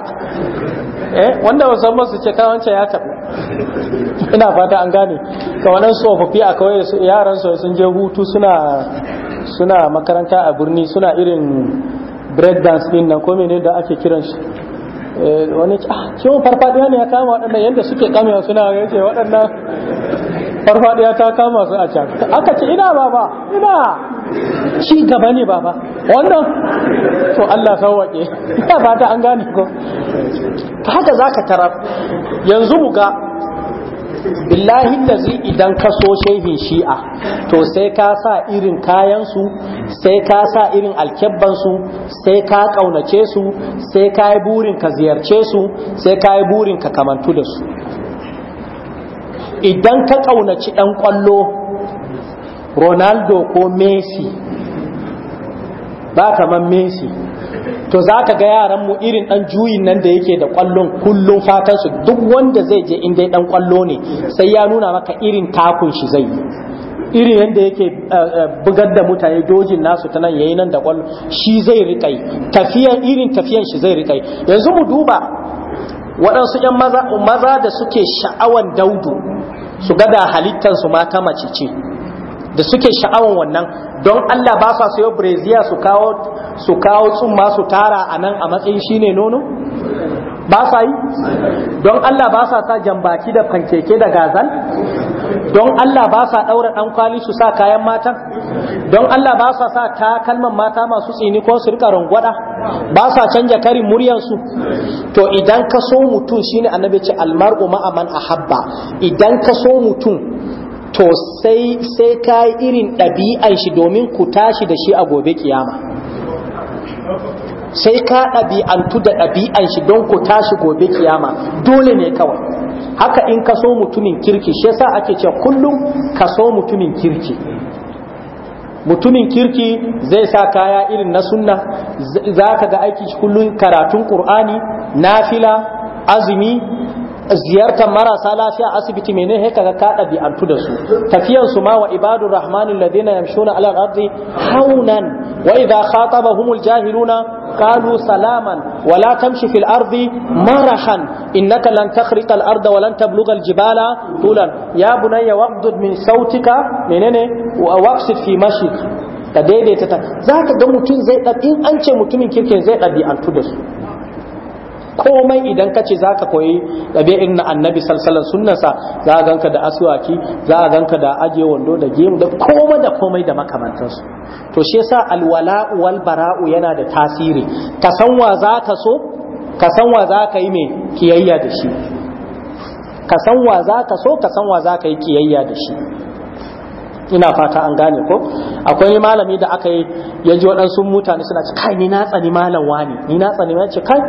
eh wanda wasan masu ce kawance ya tabu ina fata an gane kawanan tsofaffi a kawai yaran su sun je hutu suna suna makaranta a birni suna irin break dance din nan ko menene da ake kiran shi eh, wani ah kiwon farfadiya ne ya kama waɗannan yadda suke kamewa suna yace waɗannan farfadiya ta kama su a can aka ce ina baba ina ci gaba ne baba wannan to Allah sauwaƙe ina fata an gane ko haka zaka tarar yanzu mu ga billahi lazi idan ka so shehin shi'a to sai ka sa irin kayansu sai ka sa irin alkebban su sai ka kaunace su sai ka yi burin ka ziyarce su sai ka yi burin ka kamantu da su idan ka kaunaci dan kwallo ronaldo ko messi ba kaman messi to za ka ga yaran mu irin dan juyin nan da yake da kwallon kullun fatan su duk wanda zai je in dai dan kwallo ne sai ya nuna maka irin takun shi zai irin yadda yake eh, eh, bugar da mutane dojin nasu ta nan yayi nan da kwallo shi zai rika tafiya tafiyan irin tafiyan shi zai rika yanzu mu duba waɗansu 'yan maza da suke sha'awan daudu su ga da halittarsu mata mace ce da suke sha'awan wannan don Allah ba sa sayo breziya su kawo su kawo tsumma su tara a nan a matsayin shine nono ba sa yi don Allah ba sa sa jambaki da fankeke da gazal don Allah ba sa daura dan kwali su sa kayan mata don Allah ba sa sa takalman mata masu tsini ko su rika rungwada? ba sa canja karin muryar su to idan ka so mutum shine annabi ce almar'u ma'aman ahabba idan ka so mutum to sai sai ka yi irin ɗabi'an shi domin ku tashi da shi a gobe kiyama sai ka ɗabi'antu da ɗabi'an shi don ku tashi gobe kiyama dole ne kawai haka in ka so mutumin kirki shi yasa ake cewa kullum ka so mutumin kirki mutumin kirki zai sa kaya irin na sunna za ka ga aiki kullum karatun ƙur'ani nafila azumi ziyartar marasa lafiya asibiti mene he kaga ka ɗabi'antu da su tafiyan su ma wa ibadur rahmani alladhina yamshuna ala al-ardi haunan wa idha khatabahumul jahiluna qalu salaman wa la tamshi fil ardi marahan innaka lan takhriqa al-arda wa lan tablugha al-jibala tulan ya bunayya waqdud min sautika menene wa waqsid fi mashik ka daidaita ta zaka ga mutum zai in an ce mutumin kirkin zai ɗabi'antu da su komai idan kace zaka koyi ɗabi'in na annabi salsalan sunnasa za a ganka da asuwaki za a ganka da ajiye wando da gemu da komai da komai da makamantansu to shi yasa alwala'u wal bara'u yana da tasiri ka san wa za ka so ka san wa za ka yi mai kiyayya da shi ka san wa za ka so ka san wa za ka yi kiyayya da shi ina fata an gane ko akwai malami da aka yi ya ji waɗansu mutane suna ce kai ni na tsani malam wani ni na tsani na ce kai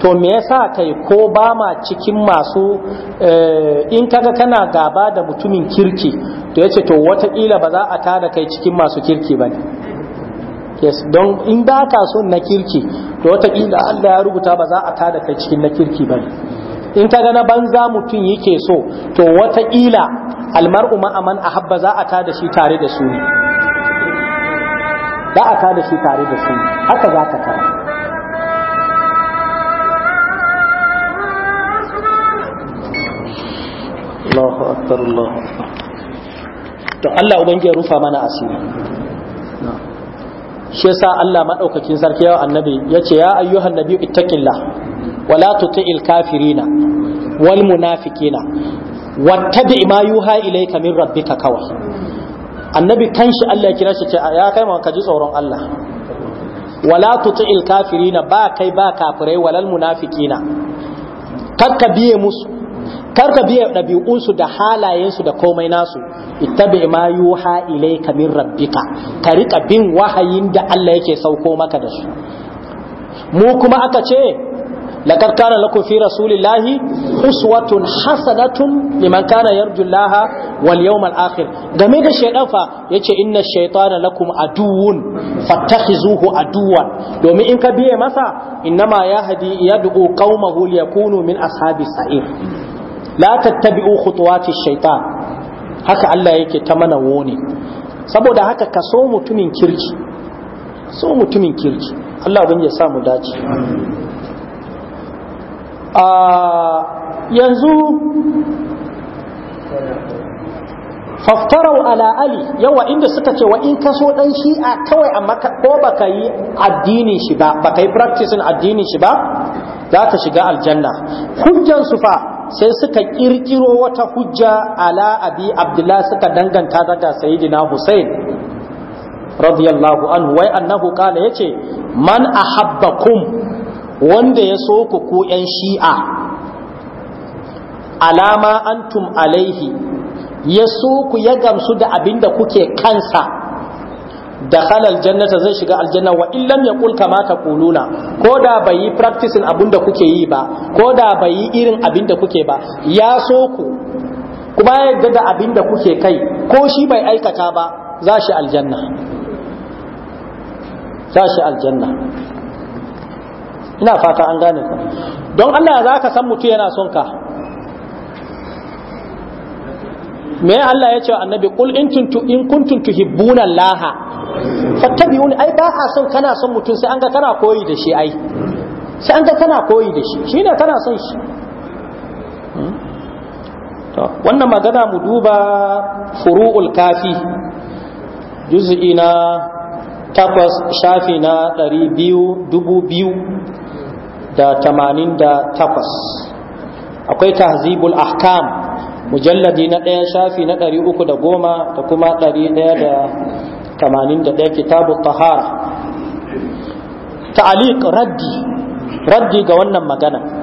to me yasa kai ko ba ma cikin masu eh, in kaga kana gaba da mutumin kirki to yace to wataƙila ba za a tada kai cikin masu kirki ba ne yes don in da ka so na kirki to wataƙila Allah ya rubuta ba za a tada kai cikin na kirki ba ne in kaga na banza mutum yake so to wataƙila almar'u ma'aman a habba za a ta da shi tare da su ne za a ta da shi tare da su haka za ka tara Allahu akbar Allahu akbar to Allah ubangiji rufa mana asiri shi yasa Allah madaukakin sarki yawa annabi yace ya ayyuhan nabiyyu ittaqillah wala tuti'il kafirina wal munafiqina wattabi ma yuha ilayka min rabbika kawai annabi kanshi Allah ya kira shi ce ya kai ka ji tsoron Allah wala tuti'il kafirina ba kai ba kafirai walal munafiqina karka biye musu karka biye ɗabi'unsu da halayensu da komai nasu ittabi ma yuha ilayka min rabbika ka rika bin wahayin da Allah yake sauko maka da su mu kuma aka ce laqad kana lakum fi rasulillahi uswatun hasanatun liman kana yarju wal yawmal akhir game da shaydan fa yace inna shaytana lakum aduwwun fattakhizuhu aduwwan domin in ka biye masa innama yahdi yad'u qaumahu liyakunu min ashabi sa'ir la tattabi'u khutuwati shaytan haka Allah yake ta mana woni saboda haka ka so mutumin kirki so mutumin kirki Allah ubangiji ya sa mu dace yanzu faftarau ala'ali, ali yawa inda suka ce wa in kaso dan shi'a kawai amma ko baka yi addinin shi ba baka yi practicing addinin shi ba za ka shiga aljanna hujjan su fa sai suka kirkiro wata hujja ala abi abdullah suka danganta daga sayyidina husain radiyallahu anhu wai annahu kana yace man ahabbakum wanda ya so ku ku ‘yan shi'a alama antum alaihi ya so ku ya gamsu da abin da kuke kansa da halal jannata zai shiga aljanna wa illam ya kulka mata kuluna ko da bai yi practice abin da kuke yi ba ko da bai yi irin abin da kuke ba ya so ku kuma ya yadda da abin da kuke kai ko shi bai aikata ba za shi aljanna za shi aljanna ina fata an gane ku don Allah za ka san mutu yana son ka me Allah ya ce wa annabi qul in tuntu in kuntum tuhibbuna Allah fattabi'uni ai ba ka son kana son mutum sai an ga kana koyi da shi ai sai an ga kana koyi da shi shine kana son shi hmm? to wannan magana mu duba furu'ul kafi juz'i na takwas shafi na ɗari biyu dubu biyu da tamanin da takwas akwai tahzibul ahkam mujalladi na ɗaya shafi na ɗari uku da goma da kuma ɗari ɗaya da tamanin da ɗaya kitabu tahara ta'aliq raddi raddi ga wannan magana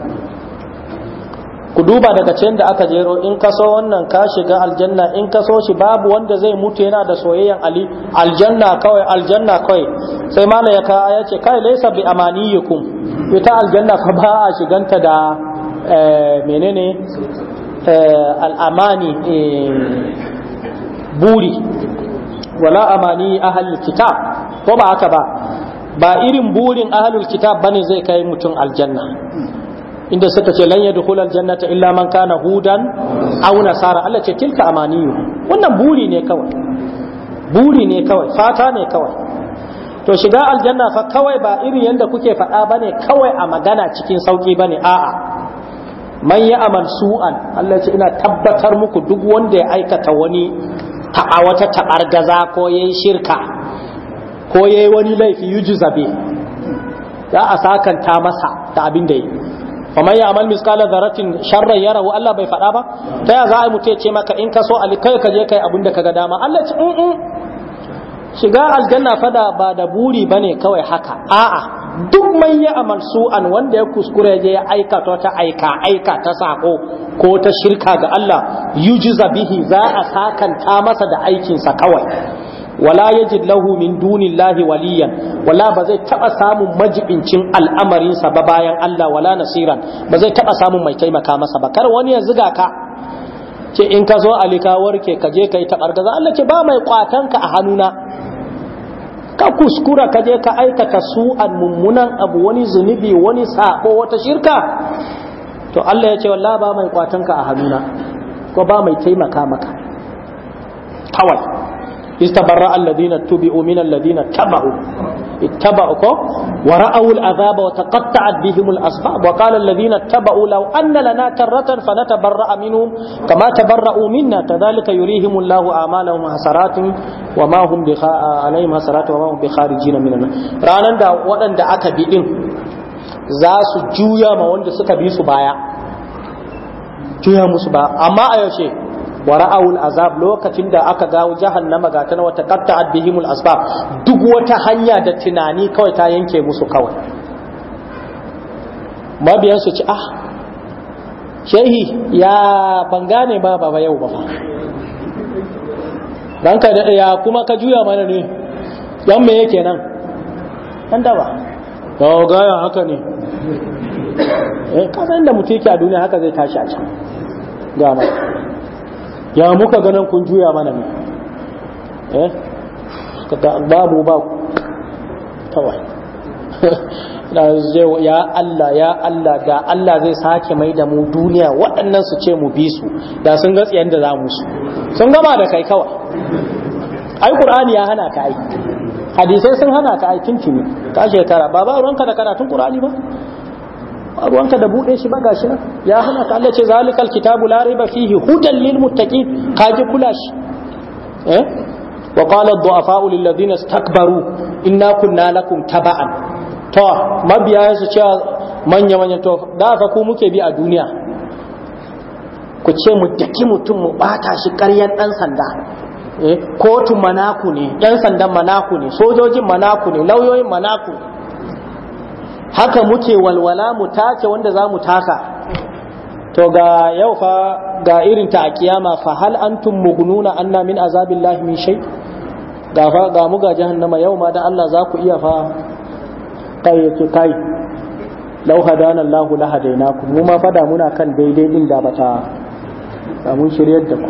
ku duba daga can da aka jero in kaso wannan ka shiga aljanna in kaso shi babu wanda zai mutu yana da soyayyan ali aljanna kawai aljanna kawai sai mala ya ka ya ce kai laysa bi amaniyikum ita aljanna fa ba a shiganta da eh, menene eh, al'amani eh, buri wala amani ahlul kitab ko ba haka ba ba irin burin ahlul kitab bane zai kai mutum aljanna inda suka ce lan yadkhulul jannata illa man kana hudan aw nasara Allah ce tilka amaniyu wannan buri ne kawai buri ne kawai fata ne kawai to shiga aljanna fa kawai ba irin yanda kuke faɗa bane kawai a magana cikin sauki bane a'a man ya amal su'an Allah ce ina tabbatar muku duk wanda ya aikata wani ta'a wata ta'argaza ko yayin shirka ko yayin wani laifi yujuzabe za a sakanta masa ta abin da yi wa man ya'mal misqala dharratin sharran yarahu Allah bai faɗa ba ta ya za a mutu ce maka in ka so alikai ka je kai abun da kaga dama Allah ce in mm, mm. shiga aljanna fada ba da buri bane kawai haka a'a duk mai ya amal an wanda ya kuskure je ya aikata ta aika aika ta sako ko ta shirka ga Allah yujza bihi za a sakanta masa da aikinsa kawai wala yajid lahu min dunillahi waliyan wala ba zai taba samun majibincin al'amarin sa ba bayan Allah wala nasiran ba zai taba samun mai taimaka masa ba kar wani ya ziga ka Ke in ka zo ali ka warke ka je kai gaza Allah ce ba mai kwatan ka a hannuna ka kuskura ka je ka aikata su'an mummunan abu wani zunubi wani saɓo wata shirka to Allah ya ce wallahi ba mai kwatan ka a hannuna ko ba mai taimaka maka kawai istabarra alladhina tubi'u min alladhina tabau ittaba'u ko wa ra'aw al'azaba wa taqatta'at bihim al'asbab wa qala alladhina tabau law anna lana karratan fanatabarra'a minhum kama tabarra'u minna kadhalika yurihim Allahu a'malahum hasaratin wa ma hum bi alaihim hasaratu wa ma hum bi kharijin min ranan da wadanda aka bi din za su juya ma wanda suka bi su baya juya musu ba amma a yaushe wa ra'awul azab lokacin da aka gawo jahannama ga ta wata qatta'at bihimul asbab duk wata hanya da tunani kawai ta yanke musu kawai mabiyan su ci ah shehi ya ban gane ba ba yau ba ka da ya kuma ka juya mana ne yan me yake nan dan ba, to ya haka ne eh san da mutum yake a duniya haka zai tashi a can gama ya muka ganin kun juya mana ne eh babu ba kawai ya Allah ya Allah da Allah zai sake mai da mu duniya waɗannan su ce mu bi su da sun ga tsayen da za mu su sun gama da kai kawai ai qur'ani ya hana ka ai hadisai sun hana ka ai tuntuni ka shekara ba ba ranka da karatun qur'ani ba ruwanka da buɗe shi ba gashi nan ya hana ka Allah ce zalikal kitabu la riba fihi hudan lil muttaqin kaji kula shi eh wa qala ad duafa lil ladina istakbaru inna kunna lakum taba'an to mabiya su cewa manya manya to da fa ku muke bi a duniya ku ce mu mutum mu bata shi ƙaryan dan sanda eh kotun manaku ne yan sandan manaku ne sojojin manaku ne lauyoyin manaku ne haka muke walwala mu take wanda za mu taka to ga yau fa ga irin ta a kiyama fa hal antum mughnuna anna min azabillahi min shay ga fa ga mu ga jahannama yau ma da Allah za ku iya fa kai ki kai law hadana Allah la hadainakum mu ma fada muna kan daidai din da bata samun shiryar da ku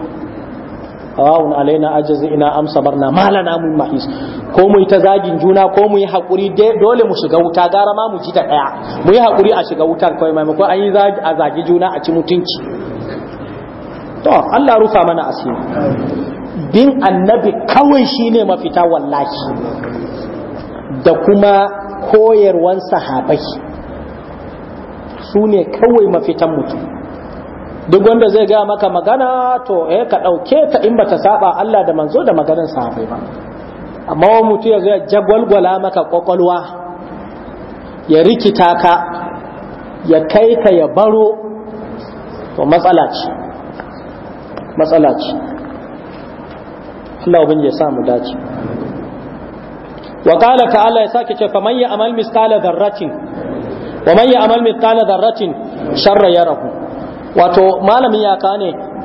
awawun alaina ajazi ina amsa barna malana mun mahis ko mu ta zagin juna ko mu yi hakuri dole mu shiga wuta gara ma mu ji ta daya mu yi hakuri a shiga wutar kawai ko an yi a zagi juna a ci mutunci to Allah rufa mana asiri bin annabi kawai shine mafita wallahi da kuma koyarwan sahabai sune kawai mafitan mutum duk wanda zai gaya maka magana to eh ka ɗauke ta in bata saba Allah da manzo da maganar bai ba amma wa mutu ya zai jagwalgwala maka kwakwalwa ya rikita ka ya kai ka ya baro to matsala ce matsala ce Allah ubin ya sa mu dace wa qala Allah ya sake ce faman ya amal misqala dharratin wa man ya amal misqala dharratin sharra yarahu wato malamin ya ka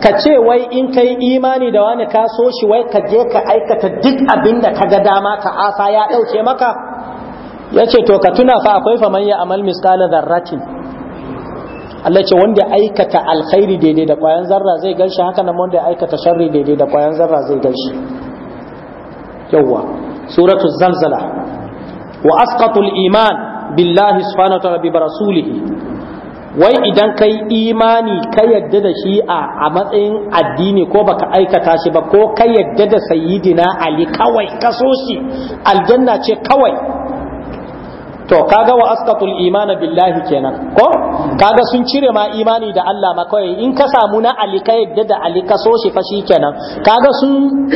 ka ce wai in kai imani da wani ka so shi wai ka je ka aikata duk abinda ka ga dama ka asa ya ɗauke maka ya ce to ka tuna fa akwai faman ya amal miskala zarratin Allah ce wanda aikata alkhairi daidai da kwayan zarra zai gan shi haka nan wanda aikata sharri daidai da kwayan zarra zai gan shi yawwa suratul zalzala wa asqatul iman billahi subhanahu wa ta'ala bi rasulihi wai idan kai imani ka yadda da shi a matsayin addini ko baka aikata shi ba ko ka yadda da sayyidina ali kawai ka so shi aljanna ce kawai to kaga wa asqatul imana billahi kenan ko kaga sun cire ma imani da Allah ma kawai in ka samu na ali ka yadda da ali ka so shi fa kenan kaga sun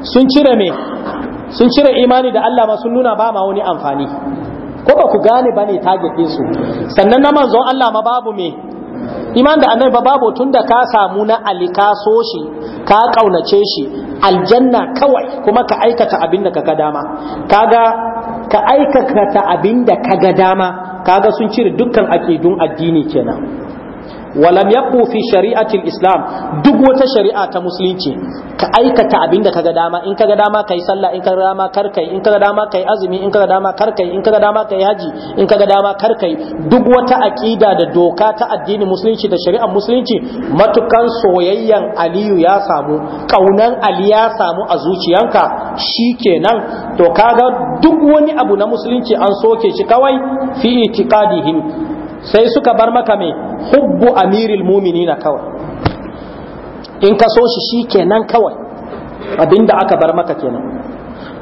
sun cire me sun cire imani da Allah ma sun nuna ba ma wani amfani ko ba ku gane ba ne target su sannan na manzon Allah ma babu me iman da annabi ba babu tunda ka samu na ali ka so shi ka kaunace shi aljanna kawai kuma ka aikata abin da kaga dama kaga ka aikata abin da kaga dama kaga sun cire dukkan akidun addini kenan walam yabbu fi islam duk wata shari'a ta musulunci ka aikata abin da kaga dama in kaga dama kai sallah in kaga dama kar kai in kaga dama kai azumi in kaga dama kar kai in kaga dama kai haji in kaga dama kar kai duk wata aqida da doka ta addinin musulunci da shari'ar musulunci matukan soyayyan aliyu ya samu kaunan ali ya samu a zuciyanka shikenan to kaga duk wani abu na musulunci an soke shi kawai fi itiqadihim sai suka bar maka mai hubbu amiril na kawai in ka so shi shi kenan kawai abinda aka bar maka kenan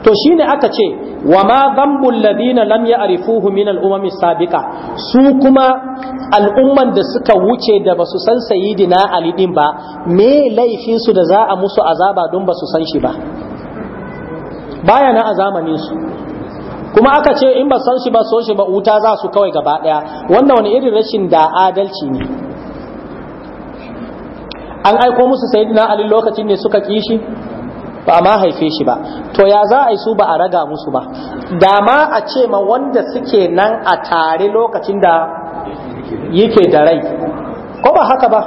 to shine aka ce wa ma zambul ladina lam Arifuhu min al-umami sabiqa su kuma al'umman da suka wuce da basu san sayyidina ali ɗin ba me laifin su da za a musu azaba don basu san shi ba baya na a zamanin su kuma aka ce in ba san shi ba so shi ba wuta za su kawai gaba daya wannan wani irin rashin da adalci ne an aiko musu sayyidina ali lokacin ne suka kishi ba ma haife shi ba to ya za a yi su ba a raga musu ba dama a ce ma wanda suke nan a tare lokacin da yake da rai ko ba haka ba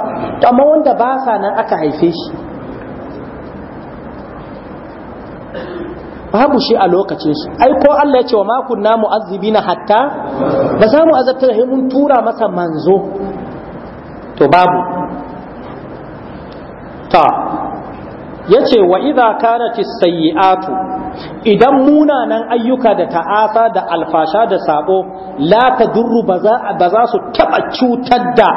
amma wanda ba sa nan aka haife shi babu shi a lokacin su ai ko Allah ya ce wa ma kunna mu'azzibina hatta ba za mu azabta da mun tura masa manzo to babu ta yace wa idza kanat sayyi'atu idan munanan ayyuka da ta'asa da alfasha da sabo la tadurru ba za su taba cutar da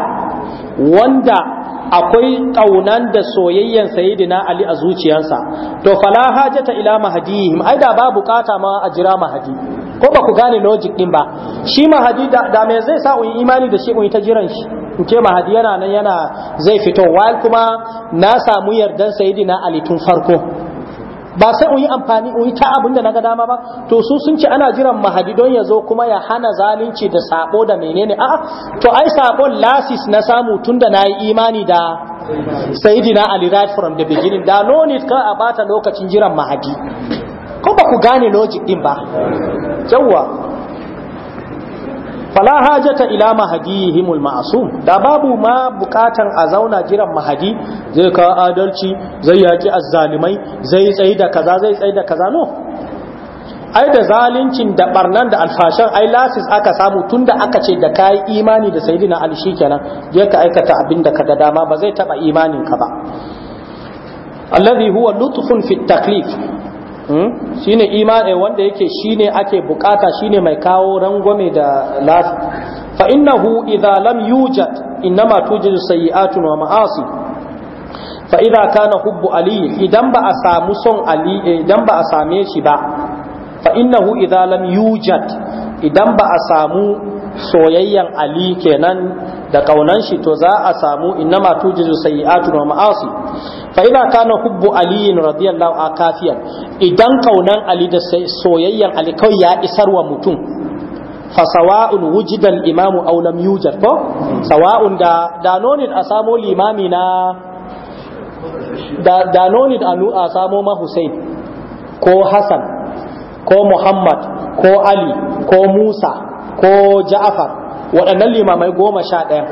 wanda akwai kaunan da soyayyen sayidina ali a zuciyarsa to fala hajata ila mahdihim ai da ba bukata ma a jira mahadi ko ba ku gane logic din ba shi mahadi da me zai sa uyi imani da shi uyi ta jiran shi in ce mahdi yana nan yana zai fito wal kuma na samu yardan sayidina ali tun farko ba sai uyi amfani uyi ta abin da naga dama ba to su sun ce ana jiran mahadi don ya zo kuma ya hana zalunci da Saɓo da menene a'a to ai sabon lasis na samu tunda nayi imani da sayyidina ali right from the beginning da no need ka a bata lokacin jiran mahadi ko ba ku gane logic din ba yawwa fala hajata ila mahadihimul ma'asum da babu ma bukatan a zauna jiran mahadi zai kawo adalci zai yaki azzalimai zai tsayi da kaza zai tsayi da kaza no ai da zalincin da barnan da alfashan ai lasis aka samu tunda aka ce da kai imani da sayyidina ali shikenan je ka aikata abin da kaga dama ba zai taba imanin ka ba alladhi huwa lutfun fi taklif Hmm? Shi ne imani wanda yake shi ne ake bukata shi ne mai kawo rangwame da lati fa ina innahu idza lam yujad innama sayi atun wa ma'asi fa idza kana hubbu Aliyu idan ba a samu son ali eh, idan ba a same shi ba fa ina hu lam yujat idan ba a samu soyayyan ali kenan da kaunan shi to za a samu innama tujizu sayyi'atun wa ma'asi fa ka kana hubbu ali radiyallahu anhu kafiyan idan kaunan ali da soyayyan ali kai ya isarwa mutum fa sawa'un wujida al-imamu aw lam yujad ko sawa'un da da a samo limami na da da nonin a samo ma Husain, ko Hassan ko Muhammad ko Ali ko Musa ko Ja'far waɗannan limamai goma sha ɗaya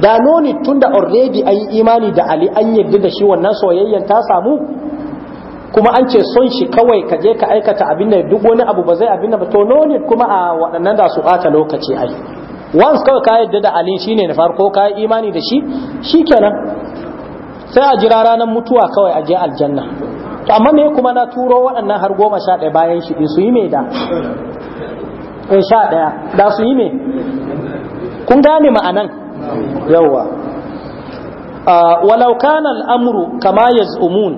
da noni tun da already an yi imani da ali an yadda da shi wannan soyayyen ta samu kuma an ce son shi kawai ka je ka aikata abin da duk wani abu ba zai abin da ba to noni kuma a waɗannan da su ɓata lokaci ai once kawai ka yadda da ali shine na farko ka yi imani da shi shi kenan sai a jira ranar mutuwa kawai a je aljanna to amma me kuma na turo waɗannan har goma sha ɗaya bayan shi su yi me da in sha ɗaya da su yi me kun gane ma'anan yawa ah, walau kana al'amuru kama yaz'umun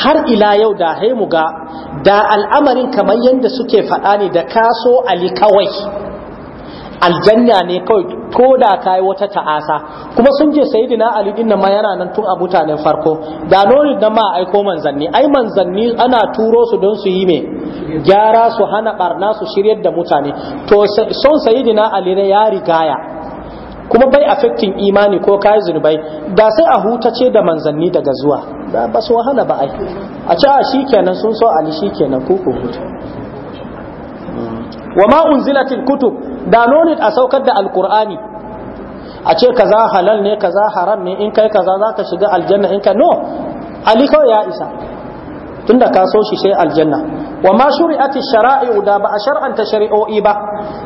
har ila yau da haimu ga da al'amarin kamar yadda suke faɗa ne da kaso ali kawai aljanna ne kawai ko da yi wata ta'asa kuma sun je Saidina ali din ma yana nan tun a mutanen farko da nori na ma aiko manzanni ai manzanni ana turo su don su yi me gyara su hana barna su shiryar da mutane to son sayidina ali ne ya rigaya kuma bai affecting imani ko kayi zunubai da sai a hutace da manzanni daga zuwa ba su wahala ba ai a ce a shikenan sun so ali shikenan ko ku huta hmm. wa ma unzilatil kutub da nonin a saukar da alqur'ani a ce kaza halal ne kaza haram ne in kai kaza zaka shiga aljanna in ka no ali kawai ya isa tunda ka so shi sai aljanna wa ma shuri'ati shara'i'u da ba a shar'anta shari'o'i ba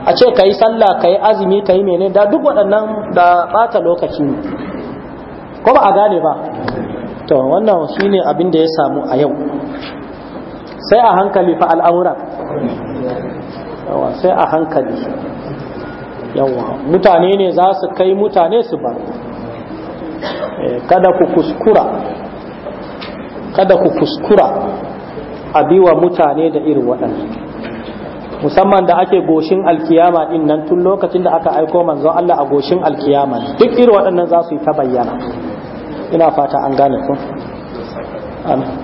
a ce kai sallah kai azumi kai menene da duk waɗannan da bata lokaci ne ko ba a gane ba to wannan shine abin da ya samu a yau sai a hankali fa al'amura yawa sai a hankali yawa mutane ne za su kai mutane su ba eh, kada ku kuskura kada ku kuskura a biwa mutane da irin waɗannan musamman da ake goshin alkiyama ɗin nan tun lokacin da aka aiko manzo Allah a goshin alkiyama duk irin waɗannan za su yi ta bayyana ina fata an gane ku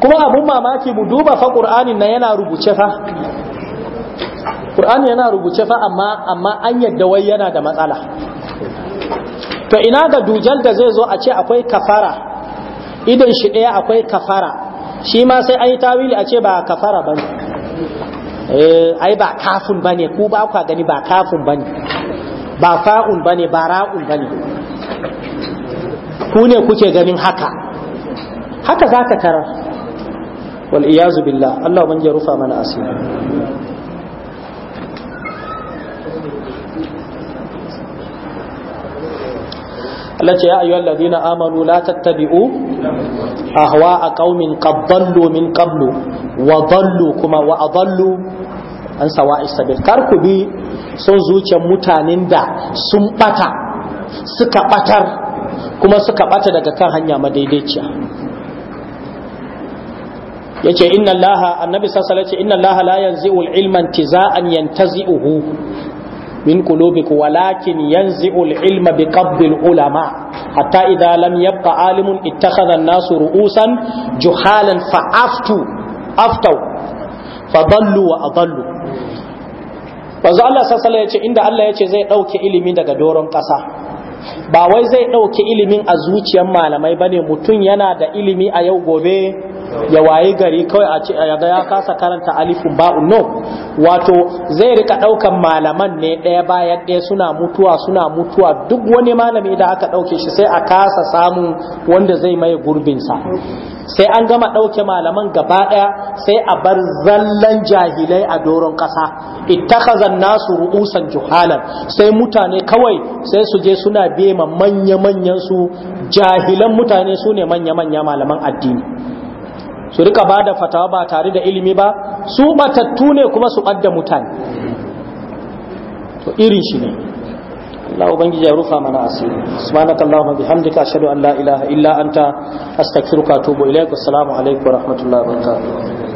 kuma abun mamaki mu duba fa qur'anin nan yana rubuce fa qur'ani yana rubuce fa amma amma an yadda wai yana da matsala to ina ga dujal da zai zo a ce akwai kafara idan shi ɗaya akwai kafara shi ma sai an yi tawili a ce ba kafara bane eh ai ba kafun bane ku ba kwa gani ba kafun bane ba fa'un bane ba ra'un bane ku ne kuke ganin haka haka zaka tarar wal iyazu billah Allah ban ya rufa mana asiri Allah ce ya ayyuhal ladina amanu la tattabi'u ahwa'a qaumin qad dallu min qablu wa dallu kuma wa adallu an sawa'i sabil kar ku bi son zuciyar mutanen da sun bata suka batar kuma suka bata daga kan hanya madaidaiciya yace inna allaha annabi sallallahu alaihi wasallam inna allaha la yanzi'u ilma intiza'an yantazi'uhu min qulubikum walakin yanzi'u al-ilma bi qabdi ulama hatta idza lam yabqa alimun ittakhadha nasu ru'usan juhalan fa aftu aftaw fa dallu wa adallu Wanzu Allah sassala ya inda Allah ya ce zai ɗauke ilimi daga doron ƙasa ba wai zai ɗauki ilimin a zuciyar malamai bane ne mutum yana da ilimi a yau gobe ya waye gari kawai a ga ya kasa karanta alifun ba'un no wato zai rika daukan malaman ne daya bayan daya suna mutuwa suna mutuwa duk wani malami da aka ɗauke shi sai a kasa samun wanda zai maye gurbinsa sai an gama ɗauke malaman gaba ɗaya sai a bar zallan jahilai a doron ƙasa ittakhazan nasu ru'usan juhalan sai mutane kawai sai su je suna bema manya-manyan su jahilan mutane sune ne manya-manya malaman addini su rika ba da fatawa ba tare da ilimi ba su batattu ne kuma su ɓadda mutane to irin shi ne Allah ubangiji ya rufa mana asiri subhanaka allahumma bihamdika ashhadu an la ilaha illa anta astaghfiruka wa atubu ilaik assalamu alaikum wa rahmatullahi wa barakatuh